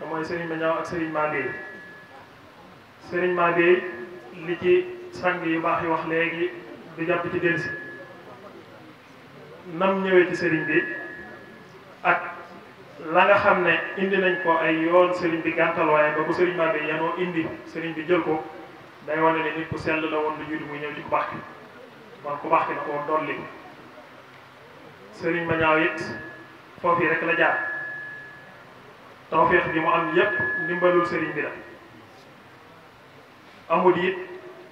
te mooy Serigne Badiane ak Serigne sëriñ Serigne Mandé li ci sang yu baax yi wax léegi di jàpp ci delsi nam ñëwee ci Serigne bi ak la nga xam ne indi nañ ko ay yoon Serigne bi gàntal waaye ba bu Serigne Mandé yanoo indi sëriñ bi jël ko day wane ne nit ku sell la woon lu muy ñëw ci ku baax ki man ku baax ki na ko woon dolli Serigne Badiane it foofu yi rek la jaar. tawféex bi mu am yépp ndimbalul sëriñ bi la amul it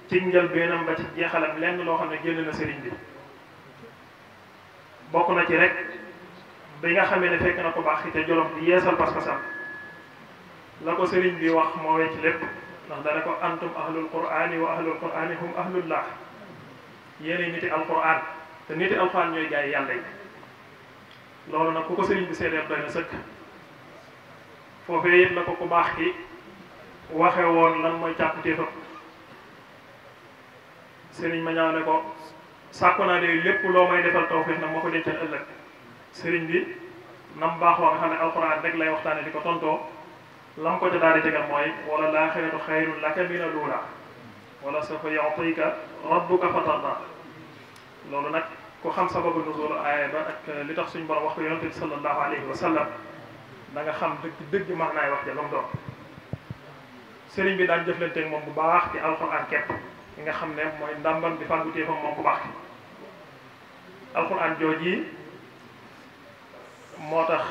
ci njëlbeenam ba ci jeexalam lenn loo xam ne génn na sëriñ bi bokk na ci rek bi nga xamee ne fekk na ko baax ci te jolof di yeesal pas-pasam la ko sëriñ bi wax moo wecc lépp ndax dana ko antum ahlul qur'ani wa ahlul qur'ani hum ahlullah yéenay niti alquran te niti alquran ñooy gaay yàlla yi loolu nag ku ko sëriñ bi seedeeb doy na sëkk foofee it la ko ku baax ki waxe woon lan mooy càpptée fa sëriñ ma ñaaw ne ko sàkku naa de lépp loo may defal tawfiix na ma ko dencal ëllëg sëriñ bi nam baaxoo nga xam ne alxuraan rek lay waxtaane di ko tontoo lan ko ca daal di mooy wala laa xeetu xayrun laka mina luula wala sawfa yu'tika rabbuka fatarda loolu nag ku xam sababu nuzul aaya ba ak li tax suñu borom wax ko yonente bi sallallahu alayhi wa da nga xam dëgg dëgg mën naay wax ja lam doon sëriñ bi daan jëflanteeg moom bu baax ci alxuraan ket li nga xam ne mooy ndàmbal di fàggu téefam moom bu baax alxuraan jooju yi moo tax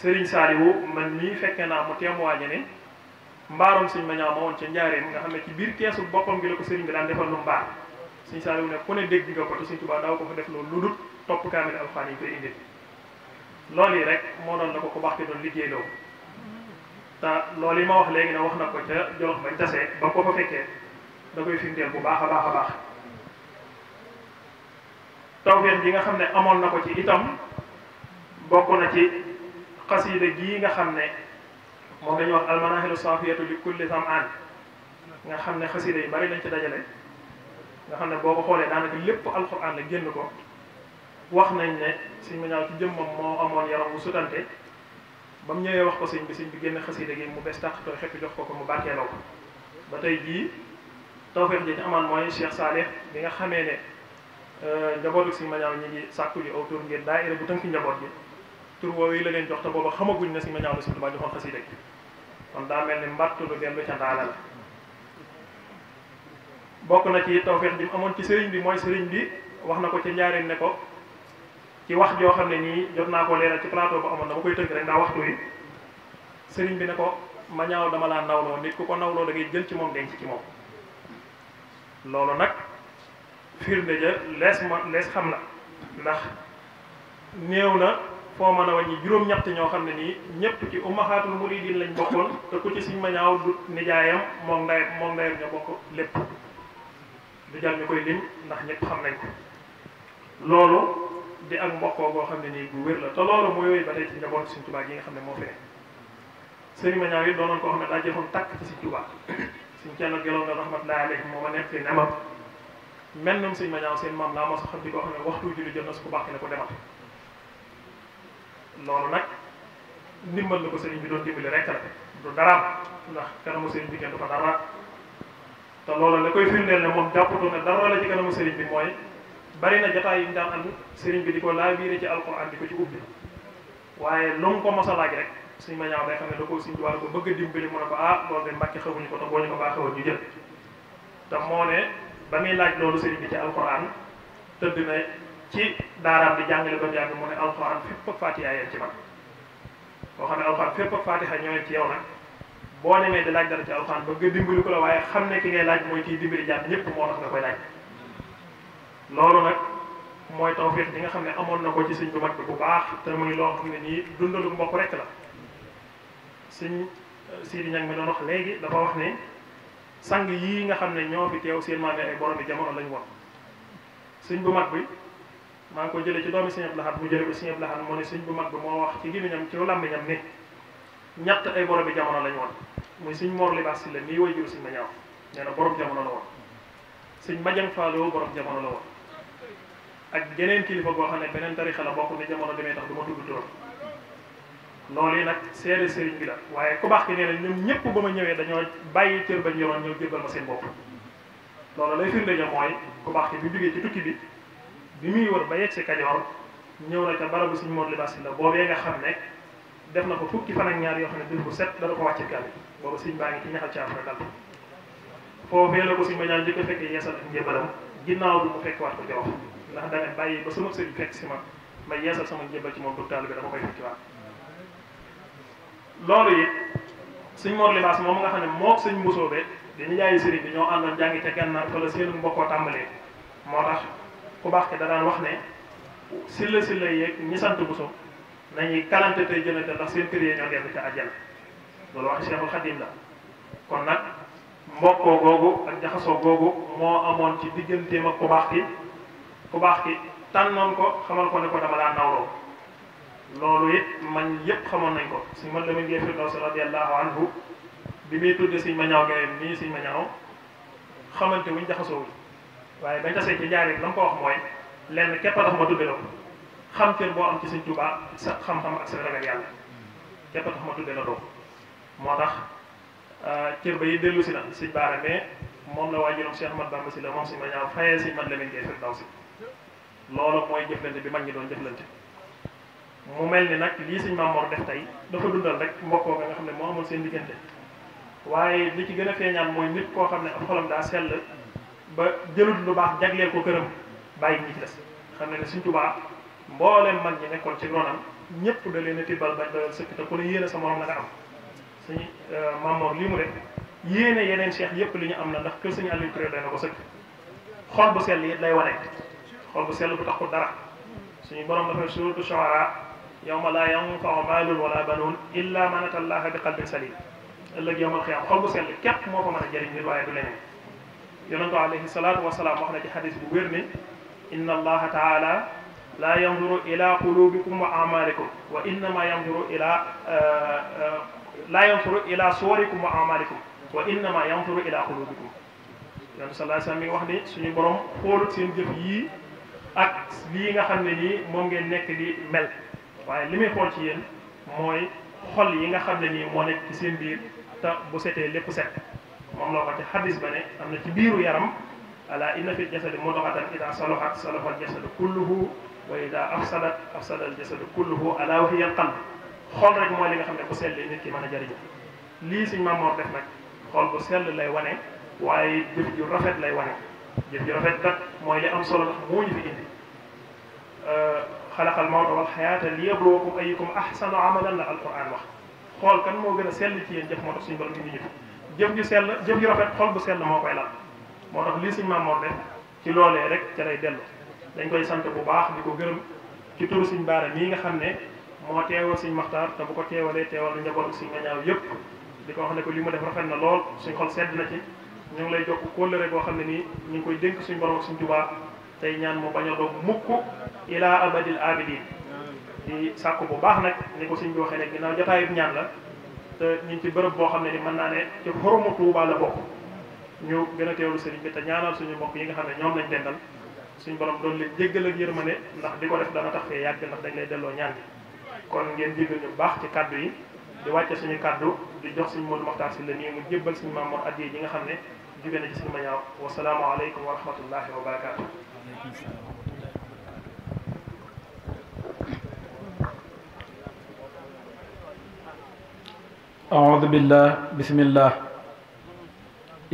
sëriñ Saliou man mii fekke naa mu témoigné ne mbaarum suñ ma ñaaw ma woon ca njaareem nga xam ne ci biir keesu boppam gi la ko sëriñ bi daan defal lu mbaar sëriñ Saliou ne ku ne dégg nga ko te sëriñ Tuubaa daaw ko fa def loolu lu dul topp kaamil alxuraan yi koy indil lool yi rek moo doon na ko ku baax ki doon liggéey loo te loolu yi ma wax léegi na wax na ko ca Jolof bañ tasee ba ko fa fekkee da koy firndeel bu baax a baax a baax tawféen ji nga xam ne amoon na ko ci itam bokk na ci xasida gii nga xam ne moo dañuy wax almanahilu saafiyatu li kulli sam'an nga xam ne xasida yi bari lañ ci dajale nga xam ne boo ko xoolee daanaka lépp alxuraan la génn ko wax nañ ne sëñ Mañaw ci jëmmam moo amoon yaram wu sutante ba mu ñëwee wax ko sëñ bi sëñ bi génn xasida gi mu bes tàq tooy xepp jox ko ko mu barkeeloo ko ba tey jii tawfeex ji ci amoon mooy Cheikh Salih bi nga xamee ne njabootu sëñ Mañaw ñi ngi sàkku ji aw tur ngir daayira bu tënk njaboot gi tur woowu la leen jox te booba xamaguñ ne sëñ Mañaw la sëñ Tuubaa joxoon xasida gi kon daa mel ni mbattu lu dellu ca ndaala la bokk na ci tawfeex ji mu amoon ci sëriñ bi mooy sëriñ bi wax na ko ca njaareem ne ko ci wax joo xam ne nii jot naa ko leeral ci plateau bu amoon dama koy tënk rek ndax waxtu wi sëriñ bi ne ko mañaaw ñaaw dama laa nawloo nit ku ko nawloo da ngay jël ci moom denc ci moom loolu nag firnde ja lees ma lees xam na ndax néew na foo mën a wàññi juróom-ñett ñoo xam ne nii ñëpp ci ummaxaatul muridiin lañ bokkoon te ku ci siñ ma du nijaayam moom ndayam moom ndayam ñoo bokk lépp du jar ñu koy lim ndax ñëpp xam nañ loolu di ak mbokkoo goo xam ne nii bu wér la te loolu mooy wéy ba tey ci njaboot Sëriñ Tuubaa gi nga xam ne moo fee sëriñ ma ñaaw yi doonoon koo xam ne daa joxoon tàkk ci Sëriñ Tuubaa suñ ceerno geloon nga rahmatullahi alayhi moo ma nekk ne amam mel nam sëriñ maam laa ma xam di koo xam ne waxtu julli jot na su ko baax ne ko demal loolu nag ndimbal la ko sëriñ bi doon dimbali rek la du dara ndax kanamu sëriñ bi kenn du fa dara te loolu koy firndeel ne moom jàppatoo bari na jataay yi ñu daan ànd bi di ko laa biire ci alxuraan di ko ci ubbi waaye lu ko mos a laaj rek suñ ma ñaaw day xam ne da koo suñ ko bëgg a dimbali mu ko ah loolu de mbàkki ba muy laaj loolu sëriñ ci alxuraan tëdd na ci daaraam di jàngale ba jàng mu ne alxuraan fépp ak faatiha yeen ci man boo xam ne alxuraan fépp ci yow nag boo demee di laaj dara ci alxuraan bëgg a dimbali ko la waaye xam ne ki ngay laaj mooy kiy dimbali jàpp ñëpp moo tax nga koy laaj loolu nag mooy tawféex bi nga xam ne amoon na ko ci sëñ bu mag bi bu baax te muy loo xam ne nii dundalu mbokk rek la sëñ Sidi Ñang mi doon wax léegi dafa wax ni sang yii nga xam ne ñoo fi teew seen maame ay borom bi jamono lañu woon sëñ bu mag bi maa ngi ko jëlee ci doomi sëñ Abdou Lahad mu jëlee ko sëñ Abdou Lahad moo ne sëñ bu mag bi moo wax ci gémmiñam ci làmmiñam ne ñett ay borom bi jamono lañu woon muy sëñ Mor Libaas Si la mii way juru sëñ ma ñaaw nee na jamono la woon sëñ Majang Faaloo borom jamono la woon ak geneen kilifa goo xam ne beneen tarixa la bokk ne jamono demee tax du ma tudd turam loolu yi nag seede sëriñ bi la waaye ku baax ki nee na ñoom ñëpp ba ma ñëwee dañoo bàyyi cër bañ yoroon ñëw jébbal ma seen bopp loolu lay firnde ja mooy ku baax ki bi jógee ci tukki bi bi muy wër ba yegg si Kajoor ñëw na ca barabu suñu Mor Libaas la boobee nga xam ne def na ko fukki fan ak ñaar yoo xam ne bil bu set dana ko wàcc gal boobu sëñ baa ngi ci ñaxal ci afra dal foofee la ko si ma ñaan jëkk fekk yeesal ak njëbalam ginnaaw bi mu fekk waat ko jox ndax dane bàyyi ba suma sëriñ fekk si ma ma yeesal sama njëbbal ci moom dug taalibe dama koy fekki waat loolu yi suñ Mor Libaas moom nga xam ne mook suñ mbusoobe dañu jaayi sëriñ bi ñoo àndoon jàngi ca gànnaar fa la seenu mbokkoo tàmbalee moo tax ku baax ki da daan wax ne sila silla yeeg ñi sant buso nañuy kalante tey jënate ndax seen kër yee ñoo dem ca àjjana loolu wax Cheikhul Khadim la kon nag mbokkoo googu ak jaxasoo googu moo amoon ci digganteem ak ku baax ki ku baax ki tànnoon ko xamal ko ne ko dama laa nawloo loolu it man yëpp xamoon nañ ko suñ ma demee ngeen firdaws radiyallahu anhu bi muy tudd si ma ñaaw ngeen nii si ma ñaaw xamante wuñ jaxasoo wuñ waaye bañ tasee ci ñaari la mu ko wax mooy lenn képp a tax ma tudde la ko xam cër boo am ci si Tuubaa sa xam-xam ak sa ragal yàlla képp a tax ma tudde la ko moo tax euh, cër ba yi dellu si na suñ baara mais moom la waajuram Cheikh Ahmad Bamba si la loolu mooy jëflante bi mag ñi doon jëflante mu mel ni nag lii suñ Maam def tey dafa dundal rek mbokkoo nga xam ne moo amoon seen diggante waaye li ci gën a feeñaan mooy nit koo xam ne ab xolam daa sell ba jëlut lu baax jagleel ko këram bàyyi ñi ci des xam ne ne suñ Tuubaa mbooleem mag ñi nekkoon ci ronam ñëpp da leen a tibbal bañ doyal sëkk te ku yéene sa morom la am suñu euh, Maam Mor lii mu def yéene yeneen cheikh yëpp li ñu am na ndax kër suñu Aliou bu sell yi lay wane xol bu sell bu taxul dara suñu borom dafa suuratu shuara yawma laa yanfau maalun wala banuun illa man ata allaha bi qalbin salim ëllëg yowmal xiyaam xol bu sell képp moo ko mën a jëriñ nit waaye du leneen yonentu alayhi salaatu wasalaam wax na ci xadis bu wér ne inna allaha taala laa yanduru ila qulubikum wa amalikum wa innama yanduru ila laa yanduru ila suwarikum wa amalikum wa innama yanduru ila qulubikum yonentu salaa sallam mi wax ni suñu borom xoolut seen jëf yii ak li nga xamné ni nii ngeen nek di mel waye limi xol ci yéen moy xol yi nga xamné ni mo nek ci seen biir ta bu sété lépp set mom la ko ci xadis ba ne ci biiru yaram ala inna fi jasadi mudghatan ida salahat salaha aljasadu kulluhu wa ida afsadat afsada aljasadu kulluhu ala wa hiya alqalb xol rek moy li nga xamné bu sété nit ki mëna a li lii suñ mamoor def nak xol bu sel lay wane waye def ju rafet lay wane def ju rafet kat moy li am solo ndax moo fi indi آه، خلق الموت والحياة ليبلوكم أيكم أحسن عملا لا القرآن وح خال كان مو جنا سيل تيان جف مرة سين بالدين يف جف جي سيل جف يرفع خال بس سيل ما هو قيلا مرة خلي سين ما مرة كيلو على رك ترى يدل لين كوي سان تبو باخ ديكو غير كتور سين بارا مين خم نه ما تيوا سين مختار تبو كتيوا لي تيوا لين جبر سين عنا يب ديكو خلنا كلي مدة رفع نلول سين خال سيل نتي نقول لي جو كل رجوا خم نه مين كوي دينك سين بارا سين تبو tey ñaan mu bañ a dog mukk ilaa abadil abidin di sàkku bu baax nag ni ko suñ bi waxee ne ginnaaw jataayub ñaan la te ñu ngi ci bërëb boo xam ne ni mën naa ne ci xoromu Tuuba la bokk ñu gën a teewlu sëriñ bi te ñaanal suñu mbokk yi nga xam ne ñoom lañ dendal suñ borom doon leen yër ma ne ndax di ko def dana tax fee yàgg ndax dañ lay delloo ñaan bi kon ngeen jéggal ñu baax ci kàddu yi di wàcce suñu kàddu di jox suñu Modou Mokhtar si la nii mu jébbal suñu Maam Mor addiya nga xam ne jóge na ci suñu mañaaw wasalaamu aleykum wa rahmatullahi wa barakatu أعوذ بالله بسم الله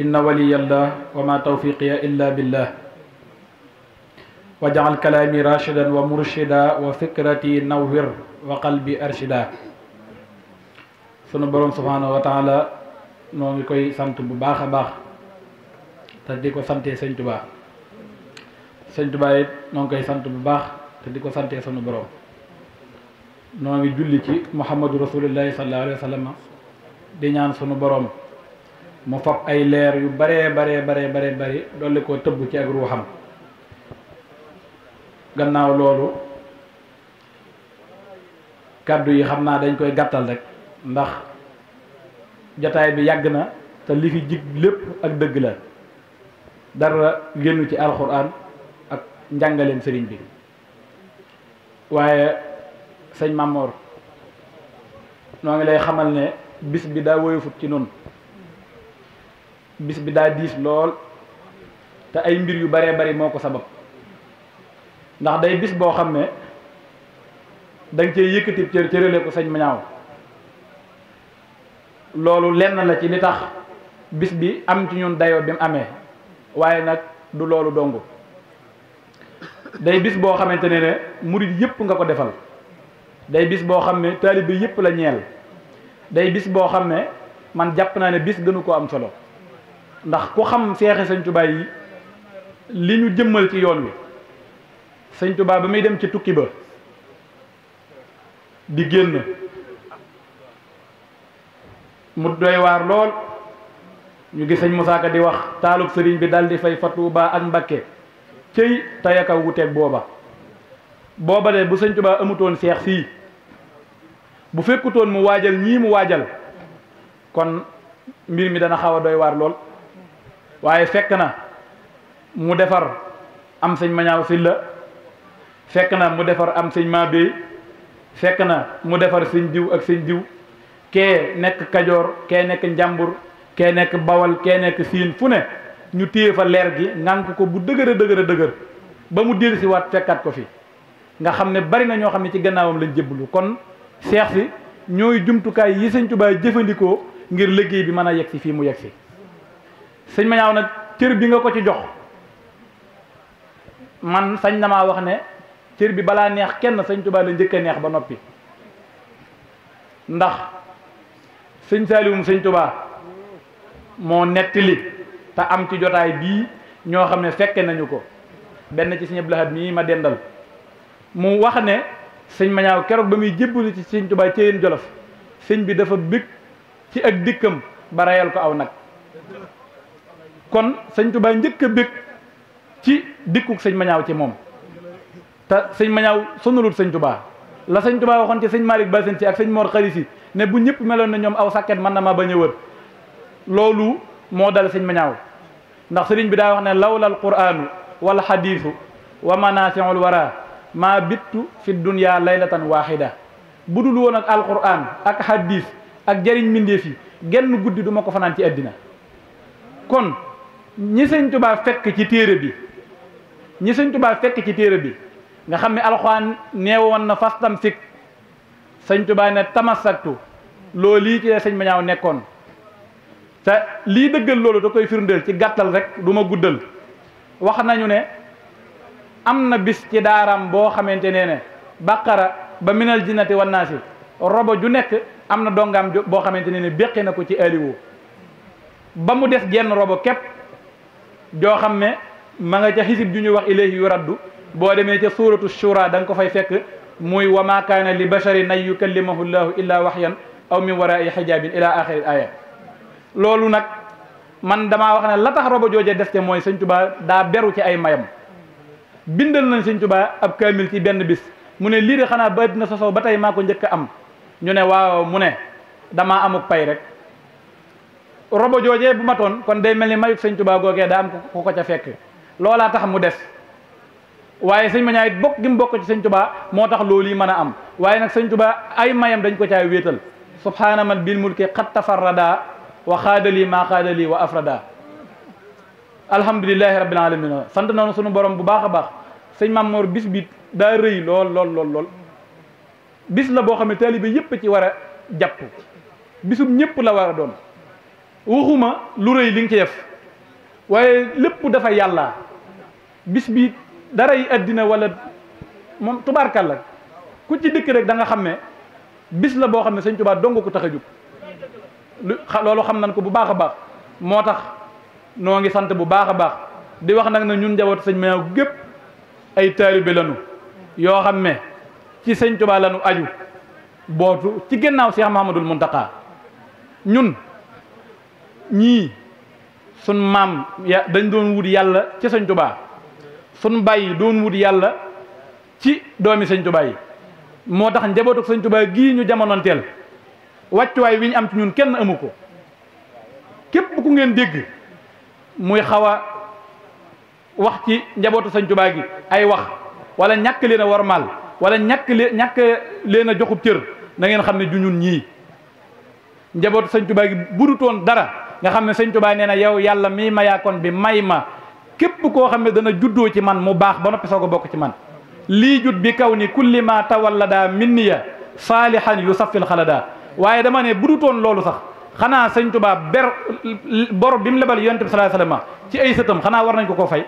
إن ولي الله وما توفيقي إلا بالله وجعل كلامي راشدا ومرشدا وفكرتي نوّر وقلبي أرشدا sunu borom subhaanahu wa taala noo ngi koy sant bu baax a baax te di ko sante Sëñ Tuubaa sëñ Tuubaa it noo koy sant bu baax te di ko santee sunu borom noo ngi julli ci muhammadu rasulillahi sallallahu alayhi wa sallam di ñaan sunu boroom mu fab ay leer yu baree baree baree baree bëri dolli koo tëbb ci ak ruuxam gannaaw loolu kàddu yi xam naa dañ koy gàttal rek ndax jataay bi yàgg na te li fi jig lépp ak dëgg la dara génn ci alxuraan njàngaleem sëriñ bi waaye sëñ Mamor noo ngi lay xamal ne bis bi daa woyofut ci noonu bis bi daa diis lool te ay mbir yu baree bari moo ko sabab ndax day bis boo xam ne da nga cee yëkkati cër cërale ko sëñ Mañaaw loolu lenn la ci li tax bis bi am ci ñun dayoo bi mu amee waaye nag du loolu dong day bis bo xamantene ne ne murid yëpp nga ko defal day bis bo xamne ne bi yep la ñeel day bis bo xamne ne man japp na ne bis gënu ko am solo ndax ku xam cheikh seigne touba yi li ñu jëmmal ci yoon wi seigne touba bamay dem ci tukki ba di genn mu doy war lool ñu gis seigne moussa Ka di wax taalub sëriñ bi daldi fay fatuba ak mbacke cëy tayaka ak a boba, boba booba de bu sëñ Tuubaa amutoon cheikh fi bu fekkutoon mu wajal ñi mu wajal kon mbir mi dana xawa lol, doy war mudafar, waye fekk na mu defar am sëñ Mañaaw Silla fekk na mu defar am sëñ Mabé fekk na mu defar sëñ diw ak sëñ diw ke nek kadior ke nek njambur ke nek Bawal ke nek Siin fune ñu téye fa leer gi ngànk ko bu dëgër a dëgër ba mu dellu si waat fekkaat ko fi nga xam ne bari na ñoo xam ne ci gannaawam lañ jébbalu kon seex si ñooy jumtukaay yi sëñ Tuubaa jëfandikoo ngir liggéey bi mën a yegg si fii mu yegg si sëñ Mañaaw nag cër bi nga ko ci jox man sañ na maa wax ne cër bi balaa neex kenn sëñ Tuubaa la njëkk neex ba noppi ndax sëñ Saaliwum sëñ Tuubaa moo nettali te am ci jotaay bii ñoo xam ne fekke nañu ko benn ci sëñ Abdou mii ma dendal mu wax ne sëñ Mañaaw keroog ba muy jébbalu ci sëñ Tuubaa ci Jolof sëñ bi dafa bég ci ak dikkam ba reyal ko aw nag kon sëñ Tuubaa njëkk a bég ci dikkuk sëñ Mañaaw ci moom te sëñ Mañaaw sonalul sëñ Tuubaa la sëñ Tuubaa waxoon ci sëñ Malick Bassène si ak sëñ Mor Khary si ne bu ñëpp meloon na ñoom aw sàkket mën na maa bañ a wër loolu mo dal seigne ma ndax seigne bi da wax ne lawla al wal hadith wa manasi'ul wara ma bittu fi dunya laylatan wahida. budul won ak alquran ak hadith ak jëriñ minde fi genn guddi duma ko fanan ci adina kon ñi seigne tubaa fekk ci téré bi ñi seigne tubaa fekk ci téré bi nga xamni alquran alxuraan na fastam fik seigne tubaa ne tamasaktu loolu ci seigne sëñ ma te lii dëggal loolu da koy firndeel ci gàttal rek duma guddal wax nañu ne am na bis ci daaram boo xamante ne ne bàqara ba minal jinnati wannaasi robo ju nekk am na dongaam boo xamante ne ne béqi na ko ci aliwo ba mu des jenn robo képp joo xam ne ma nga ca xisib ju ñuy wax ilayhi yu raddu boo demee ca suuratu shura da nga ko fay fekk muy wa ma kaana li basharin an yukallimahu llahu illa waxyan aw min waraai xijabin ila axiri aya loolu nag man damaa wax ne la tax robo jooje def ca mooy sëñ Tuba daa beru ci ay mayam bindal nañ sëñ Tuba ab kaamil ci benn bis mu ne lii de xanaa ba dina sosoo ba tey maa ko njëkk am ñu ne waaw mu ne damaa amuk pay rek robo joojee bu ma toon kon day mel ni mayuk sëñ Tuba googee daa am ku ko ca fekk loolaa tax mu des waaye sëñ Mañaay bokk gi mu bokk ci sëñ Tuba moo tax loolu yi mën a am waaye nag sëñ Tuba ay mayam dañ ko caa wéetal subhaana wa xaadali maa xaadali wa afrada alhamdulilahi rabbil alamin sant nañu sunu borom bu baax baax sañ Mamoor bis bi daa rëy lool lool lool lool bis la boo xam ne taalibe yépp ci war a jàpp bisum ñépp la war a doon waxuma lu rëy li nga ci def waaye lépp dafa yàlla bis bi dara yi àddina wala moom la ku ci dëkk rek danga xam ne bis la boo xam ne sëñ Tuubaa dong ko tax a jóg loolu xam nañ ko bu baax a baax moo tax noo ngi sant bu baax a baax di wax nag na ñun njabootu sëñ Mayaw gépp ay taalibe lañu yoo xam ne ci sëñ Tuubaa lañu aju bootu ci gannaaw Cheikh mu Muntaqa ñun ñii sun maam ya dañ doon wut yàlla ci sëñ Tuubaa sun bàyyi doon wut yàlla ci doomi sëñ Tuubaa yi moo tax njabootu sëñ Tuubaa gii ñu jamonoonteel wàccuwaay wi am ci ñun kenn amu ko képp ku ngeen dégg muy xaw wax ci njabootu Sëñ Tuubaa gi ay wax wala ñàkk leen a warmal wala ñàkk leen ñàkk leen a joxub cër na ngeen xam ne du ñii njabootu Sëñ Tuubaa gi budutoon dara nga xam ne Sëñ Tuubaa nee na yow yàlla mii mayaakoon bi may ma képp koo xam ne dana juddoo ci man mu baax ba noppi soog ko bokk ci man lii jut bi kaw ni kulli ma tawallada minniya saalihan yu safil xalada waaye dama ne budutoon loolu sax xanaa sëñ Tuubaa ber bor bi mu lebal yonent bi sallallahu ci ay sëtam xanaa war nañ ko koo fay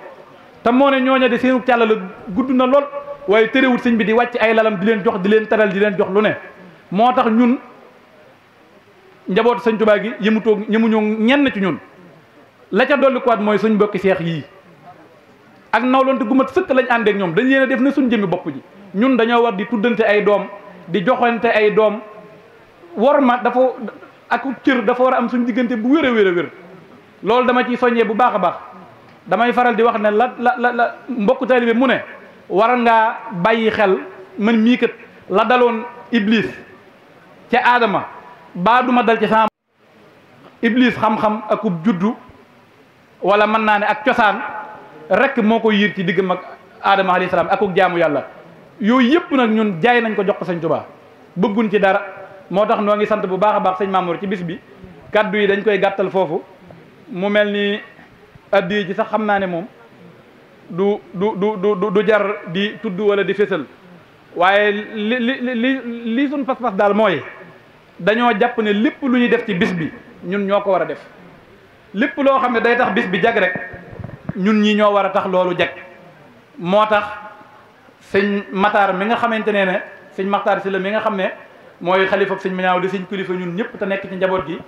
te moo ne ñooñe de seenu càlla la gudd na lool waaye tërëwut sëñ bi di wàcc ay lalam di leen jox di leen taral di leen jox lu ne moo tax ñun njaboot sëñ Tuubaa gi yëmutoog yëmuñoo ñenn ci ñun la ca dolli kuwaat mooy sëñ mbokki seex yii ak nawlonte gu mat sëkk lañ àndeek ñoom dañu leen def na suñ jëmmi bopp ji ñun dañoo war di tuddante ay doom di joxante ay doom ma dafa ak cër dafa war a am suñ diggante bu wér a wér a wér loolu dama ciy soññee bu baax a baax damay faral di wax ne la la la la mbokku taalibe mu ne war ngaa bàyyi xel man mii kat la daloon iblis ca aadama baa duma dal ci sama iblis xam-xam akub juddu wala mën naa ne ak cosaan rekk moo ko yiir ci diggam mag aadama alayhi salaam akub jaamu yàlla yooyu yëpp nag ñun jaay nañ ko jox ko Sëñ Tuubaa bëgguñ ci dara moo tax noo ngi sant bu baax a baax sëñ Mamour ci bis bi kàddu yi dañ koy gàttal foofu mu mel ni addi ci sax xam naa ne moom du du du du jar di tudd wala di fésal waaye li li li li suñ pas-pas daal mooy dañoo jàpp ne lépp lu ñuy def ci bis bi ñun ñoo ko war a def lépp loo xam ne day tax bis bi jag rek ñun ñi ñoo war a tax loolu jag moo tax sëñ Matar mi nga xamante ne ne sëñ Matar si la mi nga xam ne mooy xalifa sëñ Minaaw di sëñ kilifa ñun ñëpp te nekk ci njaboot gi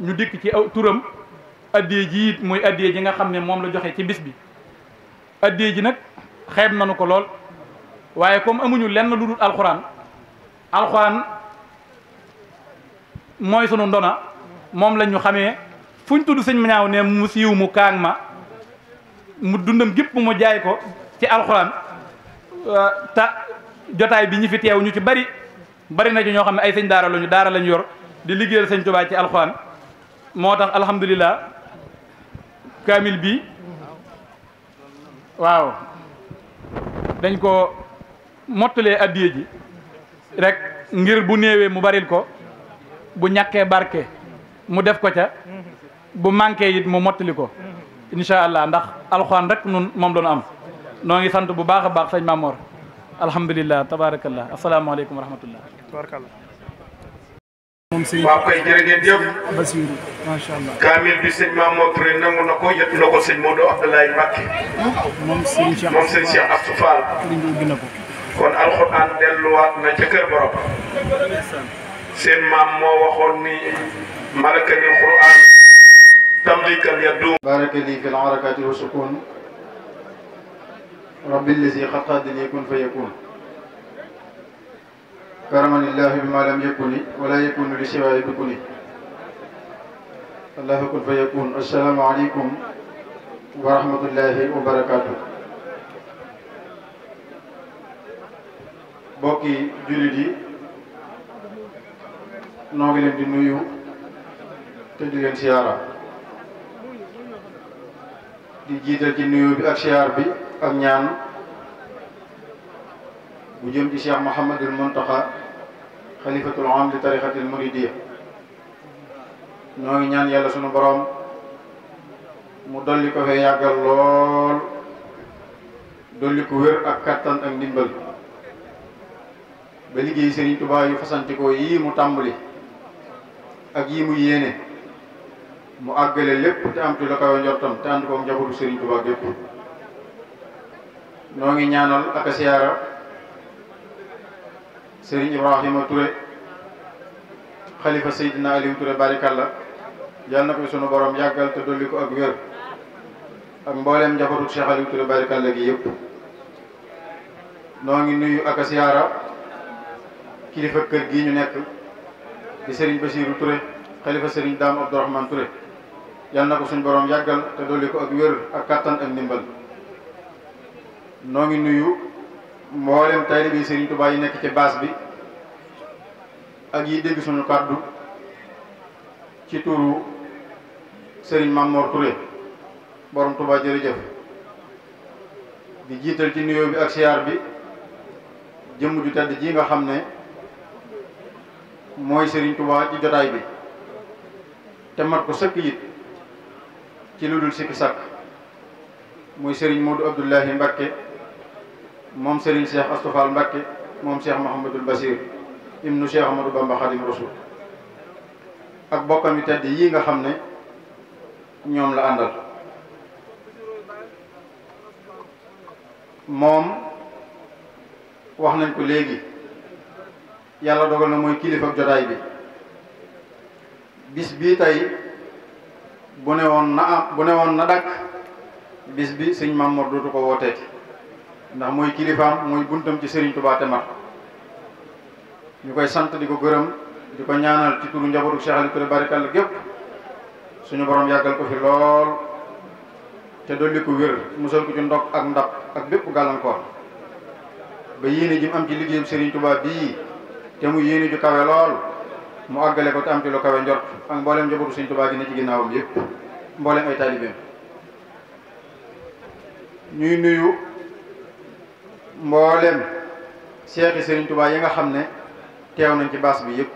ñu dikk ci aw turam addee ji it muy addee ji nga xam ne moom la joxee ci bis bi addee ji nag xeeb nañu ko lool waaye comme amuñu lenn lu dul alxuraan alxuraan mooy sunu ndona moom la ñu xamee fuñ tudd sëñ Minaaw ne mu siiw mu kaang ma mu dundam gépp mu jaay ko ci alxuraan ta jotaay bi ñu fi teew ñu ci bari bari na ci ñoo xam ne ay sëñ daara lañu daara lañu yor di liggéeyal sëñ Tuubaa ci alxuraan moo tax alhamdulilah kaamil bi waaw dañ ko mottalee addiye ji rek ngir bu néewee mu baril ko bu ñàkkee barke mu def ko ca bu manqué it mu mottali ko incha allah ndax alxuraan rek nun moom la am noo ngi sant bu baax a baax sëñ Mamor الحمد لله تبارك الله السلام عليكم ورحمة الله تبارك الله مسلم مسلم مسلم مسلم مسلم رب الذي قد قاد يكون فيكون كرما الله بما لم يكن ولا يكون لسوى يكون الله يكون فيكون السلام عليكم ورحمة الله وبركاته بوكي jullit yi noo ngi leen di nuyu te di leen siyaara di jiital ci nuyu bi ak ak ñaan bu jëm ci Cheikh Mouhamadul Mountakha xalifatul am di tarixatil muridiyya noo ngi ñaan yàlla sunu boroom mu dolli ko fee yàggal lool dolli ko wér ak kattan ak ndimbal ba liggéey Serigne Touba yu fasantikoo yii mu tàmbali ak yii mu yéene mu àggale lépp te am ci la kawe njortam te ànd koog njabootu Serigne Touba gépp ñoo ngi ñaanal ak siyaara Serigne Ibrahima Touré xalifa Seydina Aliou Touré barikalla yal na ko sunu borom yàggal te dolli ko ak wér ak mbooleem njabootu Cheikh Aliou Touré barikalla gi yëpp noo ngi nuyu ak siyaara kilifa kër gi ñu nekk di Serigne Bassirou Touré xalifa Serigne Dame Abdourahmane Touré yal na ko suñu borom yàggal te dolli ko ak wér ak kàttan ak ndimbal noo ngi nuyu mboolem taalibe Serigne Touba yi nekk ci baas bi ak yi dégg suñu kàddu ci turu Serigne Mamour boroom borom Touba jërëjëf di jiital ci nuyoo bi ak siyaar bi jëmm ju tedd ji nga xam ne mooy sëriñ Touba ci jotaay bi te mat ko sëkk it ci lu dul sikki sàkk muy Serigne Modou Abdoulahi Mbacké moom Serigne Cheikh Astou Fall Mbacké moom Cheikh Mouhamadul Basir ibnu Cheikh Ahmadou Bamba Khadim Rasoul ak bokkam yu tedd yii nga xam ne ñoom la àndal moom wax nañ ko léegi yàlla dogal na mooy kilifa jotaay bi bis bii tey bu ne woon na am bu ne woon na dakk bis bi sëñ Mamour dootu ko wooteeti ndax mooy kilifaam moy buntam ci Serigne Touba te mat ñukoy sante diko di diko ñaanal ci turu njabootu Cheikh ali Touré barakallahu gep suñu borom yagal ko fi lool te doli ko wër musal ko ci ndok ak ndap ak bépp gàllankoor ba yene ji am ci liggéeyam Serigne Touba bi te mu yene ju kawé lool mu agalé ko tam am ci lu kawé njort ak mboolem njabootu Serigne Touba gi na ci ginnaawam yépp mboolem ay talibé ñuy nuyu. mboolem seexi Serigne Touba yi nga xam ne teew nañ ci baas bi yëpp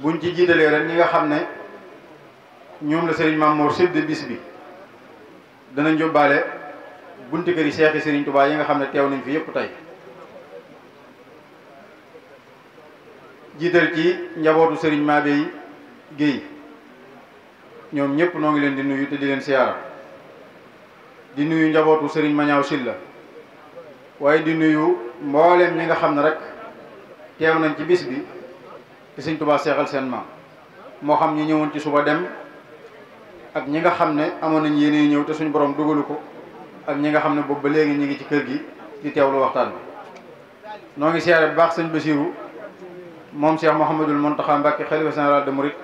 buñ ci jiitalee rek ñi nga xam ne ñoom la Serigne Mamour chef de bis bi danañ yóbbaale bunti kër yi seexi Serigne tubaay yi nga xam ne teew nañ fi yëpp tey jiital ci njabootu Serigne Mabey Guèye ñoom ñëpp noo ngi leen di nuyu te di leen siyaara di nuyu njabootu Serigne magnaw silla waye di nuyu mbollem ñi nga xamne rek teew nañ ci bis bi ci Serigne Touba seexal sen ma mo xam ñi ñewon ci suba dem ak ñi nga xamne ne amoon nañ yéene ñëw te suñu borom dugalu ak ñi nga xamne ne ba legi ñi ngi ci kër gi di teewlu waxtaan no ngi siyaare bu baax sëñ Basiru moom Cheikh mohammedul muntaha Mbacké khalifa général de mourid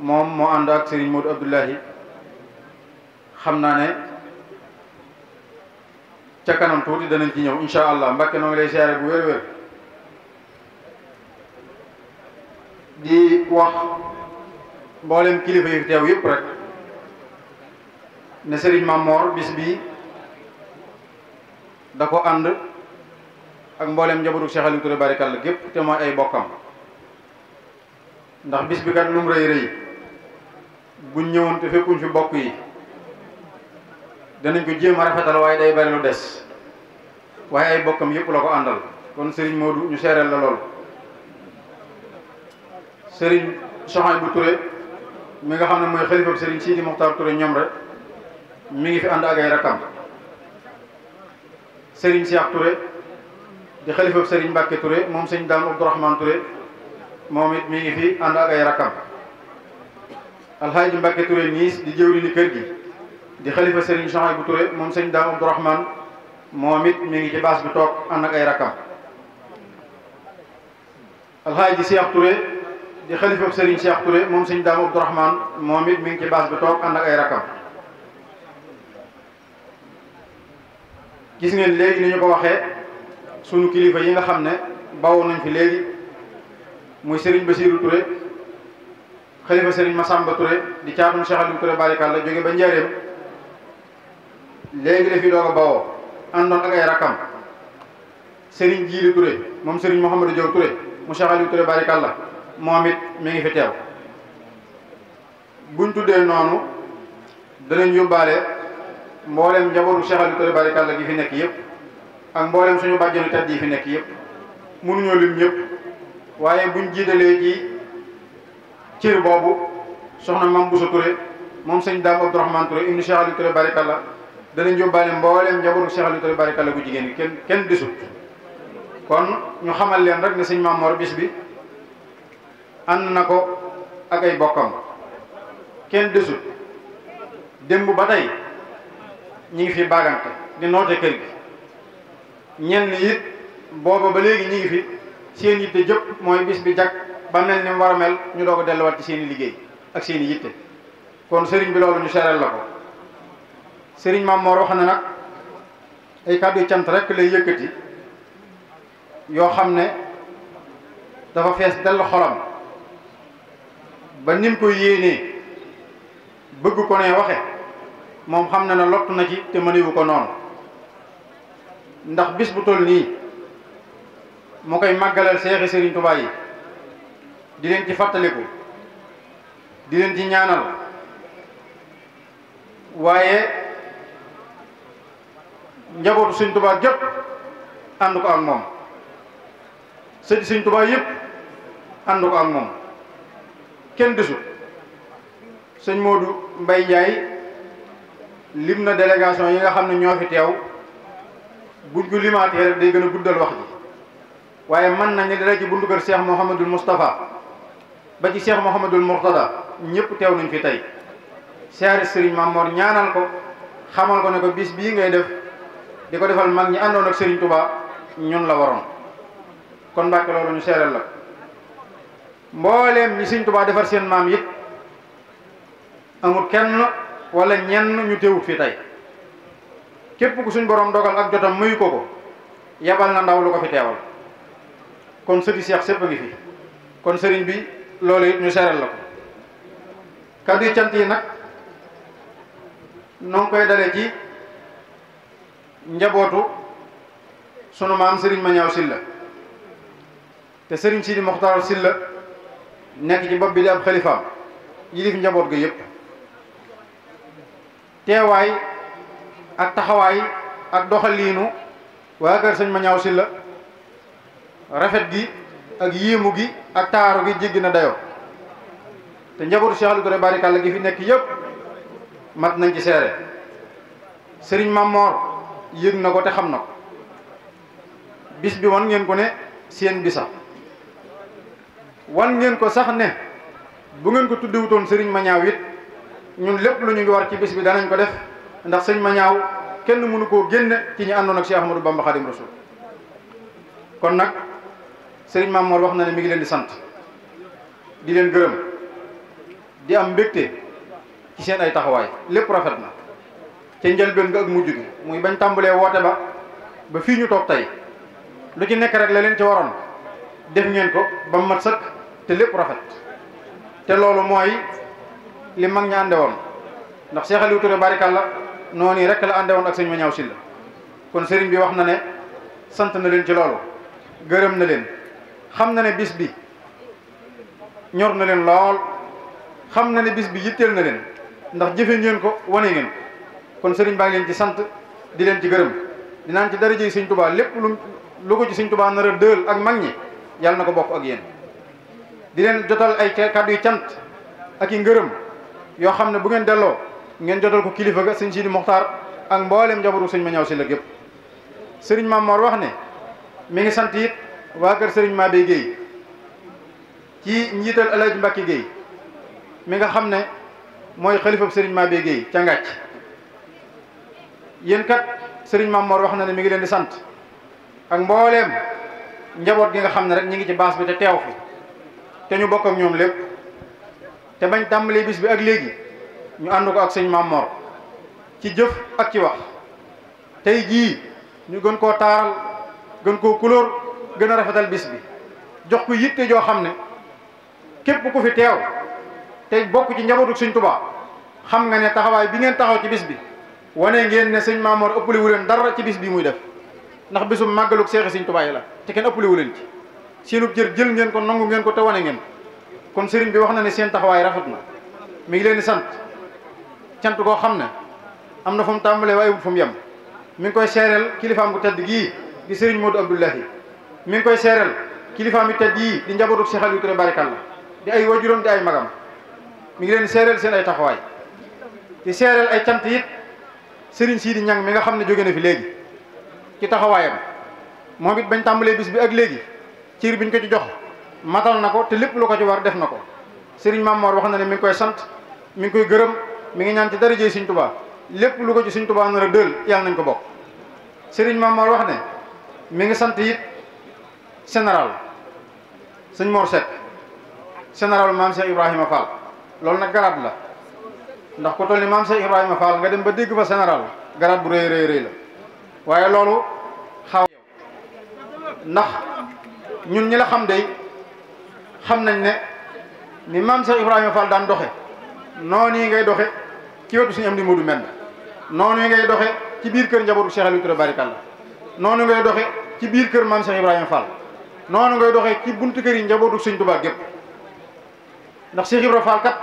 mom mo and ak Serigne Modou abdullahi xamna ne ca kanam tuuti danañ ci ñëw incha allah Mbàkke noo ngi lay siyaare bu wér-wér di wax mboolem kilifa yi teew yëpp rek ne Serigne Mamor bis bi da ko ànd ak mboolem njabootu Cheikh Aliou Touré barikàlla gépp te mooy ay bokkam ndax bis bi kat lum rëy rëy buñ ñëwoon te fi bokk yi. danañ ko jéem a rafetal waaye day bari lu des waaye ay bokkam yëpp la ko àndal kon Serigne Modou ñu seereel la lool Serigne Soxañ bu Touré mi nga xam ne mooy xalifab Serigne Sidi Mokhtar Touré ñoom rek mi ngi fi ànd ak ay rakkam Serigne Cheikh Touré di xalifab Serigne Mbacke Touré moom sëñ Dame Abdourahmane Touré moom it mi ngi fi ànd ak rakkam Alxaaji Mbacke Touré niis di jëwri ni kër gi. di khalifa Serigne Souhaïbou Touré mom serigne Daam abdou rahman momit mi ngi ci bass bi tok ànd ak ay rakam al alxaaji Cheikh Touré di khalifa Serigne Cheikh Touré mom serigne Daam abdou rahman momit mi ngi ci bass bi tok ànd ak ay rakam gis ngeen légui niñu ko waxé sunu kilifa yi nga xamné bawo nañ fi légui muy Serigne Bassirou Touré khalifa Serigne Massamba Touré di caatum Cheikh Aliou Touré barikallah jóge ba Njaaréem léegi la fi doog a bawoo àndoon ak ay rakkam Serigne Djili Touré moom Serigne Mouhamadou Diop Touré mu Cheikh Aliou Touré barikàlla moom it mi ngi fi teew buñ tuddee noonu danañ yóbbaale mboolem njabootu Cheikh Aliou Touré barikàlla gi fi nekk yëpp ak mboolem suñu bàjjenu tedd yi fi nekk yëpp mënuñoo lim ñëpp waaye buñ jiitalee ji cër boobu soxna Mame Bousso Touré moom sëñ Dame Abdourahmane Touré ibnu Cheikh Aliou Touré barikàlla danañ yóbbaale mbooleem njabootu Cheikh Aliou Touré barikàlla bu jigéen bi kenn kenn desut kon ñu xamal leen rek ne sëñ Mame bis bi ànd na ko ak ay bokkam kenn desut démb ba tey ñi ngi fi bagante di noote kër gi ñenn it booba ba léegi ñi ngi fi seen yitte jëpp mooy bis bi jag ba mel ni mu ñu doo ko delluwaat ci seen liggéey ak seen yitte kon sëriñ bi loolu ñu seral la ko sëriñ Maam Mor wax na nag ay kàddu cant rekk lay yëkkati yoo xam ne dafa fees dell xolam ba nim ko yéenee bëgg ko ne waxe moom xam na ne lottu na ci te mënewu ko noonu ndax bis bu toll nii moo koy màggalal seexi sëriñ Tuubaa yi di leen ci fàttaliku di leen ci ñaanal waaye njabootu sëñ tubaa gépp ànd ko ak moom sëti sëñ tubaa yëpp ànd ko ak moom kenn desul sëñ Moodu Mbay Njaay lim na délégation yi nga xam ne ñoo fi teew buñ ko limaatee rek day gën a guddal wax ji waaye mën nañu dara ci buntu kër Cheikh Mouhamadul Moustapha ba ci Cheikh Mouhamadul Mourtada ñëpp teew nuñ fi tey siyaare sëriñ Mamoor ñaanal ko xamal ko ne ko bis bii ngay def di ko defal mag ñi àndoon ak Serigne Touba ñun la waroon kon Mbàkke loolu ñu seeral la mbooleem ñi Serigne Touba defar seen maam it amul kenn wala ñenn ñu teewut fi tey képp ku suñ borom dogal ak jotam mayu ko ko yabal na ndaw lu ko fi teewal kon sëti seex sépp fi kon sëriñ bi loolu it ñu seeral la ko kaddu cant yi nag noo koy dale ci njabootu sunu maam Serigne Mañaaw Silla te sëriñ Sidi Moxtaar Silla nekk ci bopp bi di ab xalifaam yilif njaboot ga yëpp teewaay ak taxawaay ak doxaliinu waa kër sëñ Mañaaw Silla rafet gi ak yéemu gi ak taaru gi jéggi na dayoo te njabootu Cheikh Alioune Barikalla gi fi nekk yëpp mat nañ ci seere sëriñ Mamor. yëg na ko te xam na ko bis bi wan ngeen ko ne seen bisa wan ngeen ko sax ne bu ngeen ko wuton serigne mañaw it ñun lepp lu ñu war ci bis bi danañ ko def ndax serigne mañaw kenn mënu ko genn ci ñi andon ak Cheikh Ahmadou Bamba Khadim Rasoul kon nak serigne mamour wax na ne mi ngi leen di sante di leen gëreem di am ci seen ay taxaway lepp rafet na ca njëlbéen ga ak mujj gi muy bañ tàmbalee woote ba ba fii ñu toog tey lu ci nekk rek la leen ci waroon def ngeen ko ba mu mat sëkk te lépp rafet te loolu mooy li mag ñi ànde woon ndax Cheikh Aliou Touré barikàlla noonu rek la ànde woon ak sëñ ma ñaaw si la kon sëriñ bi wax na ne sant na leen ci loolu gërëm na leen xam na ne bis bi ñor na leen lool xam na ne bis bi yitteel na leen ndax jëfe ngeen ko wanee ngeen kon serigne baa len leen ci di len ci gërëm di nan ci daraja yi sëñ tubaa lépp lu lu ko ci serigne touba na a dël ak magni yalla nako bokk ak yeen di len jotal ay cadeau yu ak ngeureum yo xamne bu ngeen delo ngeen jotal ko kilifa ga serigne Sidi mokhtar ak mbollem jabaru serigne ma ñaw ci la gépp sëriñ wax ne mi ngi sant it waa kër ma Mabé Guèye ci njiital El Hadj Mbacke Guèye mi nga xamne ne khalifa serigne sëriñ Mabé ca Ngàcc yéen kat Serigne Mamor wax na ne mi ngi leen di sant ak mbooleem njaboot gi nga xam ne rek ñi ngi ci baas bi te teew fi te ñu bokk ak ñoom lépp te bañ tàmbalee bis bi ak léegi ñu ànd ak Serigne Mamor ci jëf ak ci wax tey jii ñu gën koo taaral gën koo kulóor gën a rafetal bis bi jox ko yitte joo xam ne képp ku fi teew te bokk ci njabootu suñ tuba xam nga ne taxawaay bi ngeen taxaw ci bis bi wane ngeen ne seigne mamour uppuli wu dara ci bis bi muy def ndax bisum magaluk cheikh seigne touba yi la te ken uppuli wu ci seenu jër jël ngeen ko nangu ngeen ko te wane ngeen kon seigne bi wax na ne seen taxaway rafet na mi ngi leen di sant cant koo xam ne fum na fu mu tàmbalee mi ngi koy seereel kilifaam gu tedd gi di seigne Modou abdullah mi ngi koy kilifaam tedd yi di njabootu Cheikh ali Touré barikalla di ay wajurum di ay magam mi ngi leen di seen ay taxaway di seereel ay cyant yi sëriñ Sidi Ñang mi nga xam ne jóge na fi mohabit ci taxawaayam moom bañ bis bi ak legi ciir biñ ko ci jox matal nako ko te lépp lu ko ci war def nako ko Mamor wax na ne mi ngi koy sant mi ngi koy gërëm mi ngi ñaan ci daraje Sëriñ touba lepp lu ko ci Sëriñ touba na a deul yalla nañ ko bok sëriñ Mamor wax ne mi ngi sant general Mor Cheikh Ibrahima Fall nak garab la ndax ku toll ni maam Cheikh Ibrahima Fall nga dem ba dégg fa général garab bu rëy rëy rëy la waaye loolu xaw ndax ñun ñi la xam day xam nañ ne ni maam Cheikh Ibrahima Fall daan doxe noonu yi ngay doxe ci wetu suñu am mel noonu yi ngay doxe ci biir kër njabootu Cheikh Aliou Touré barikalla noonu ngay doxe ci biir kër maam Cheikh Ibrahima Fall noonu ngay doxe ci bunt kër yi njabootu Sëñ Tuubaa gépp ndax Cheikh Ibrahima Fall kat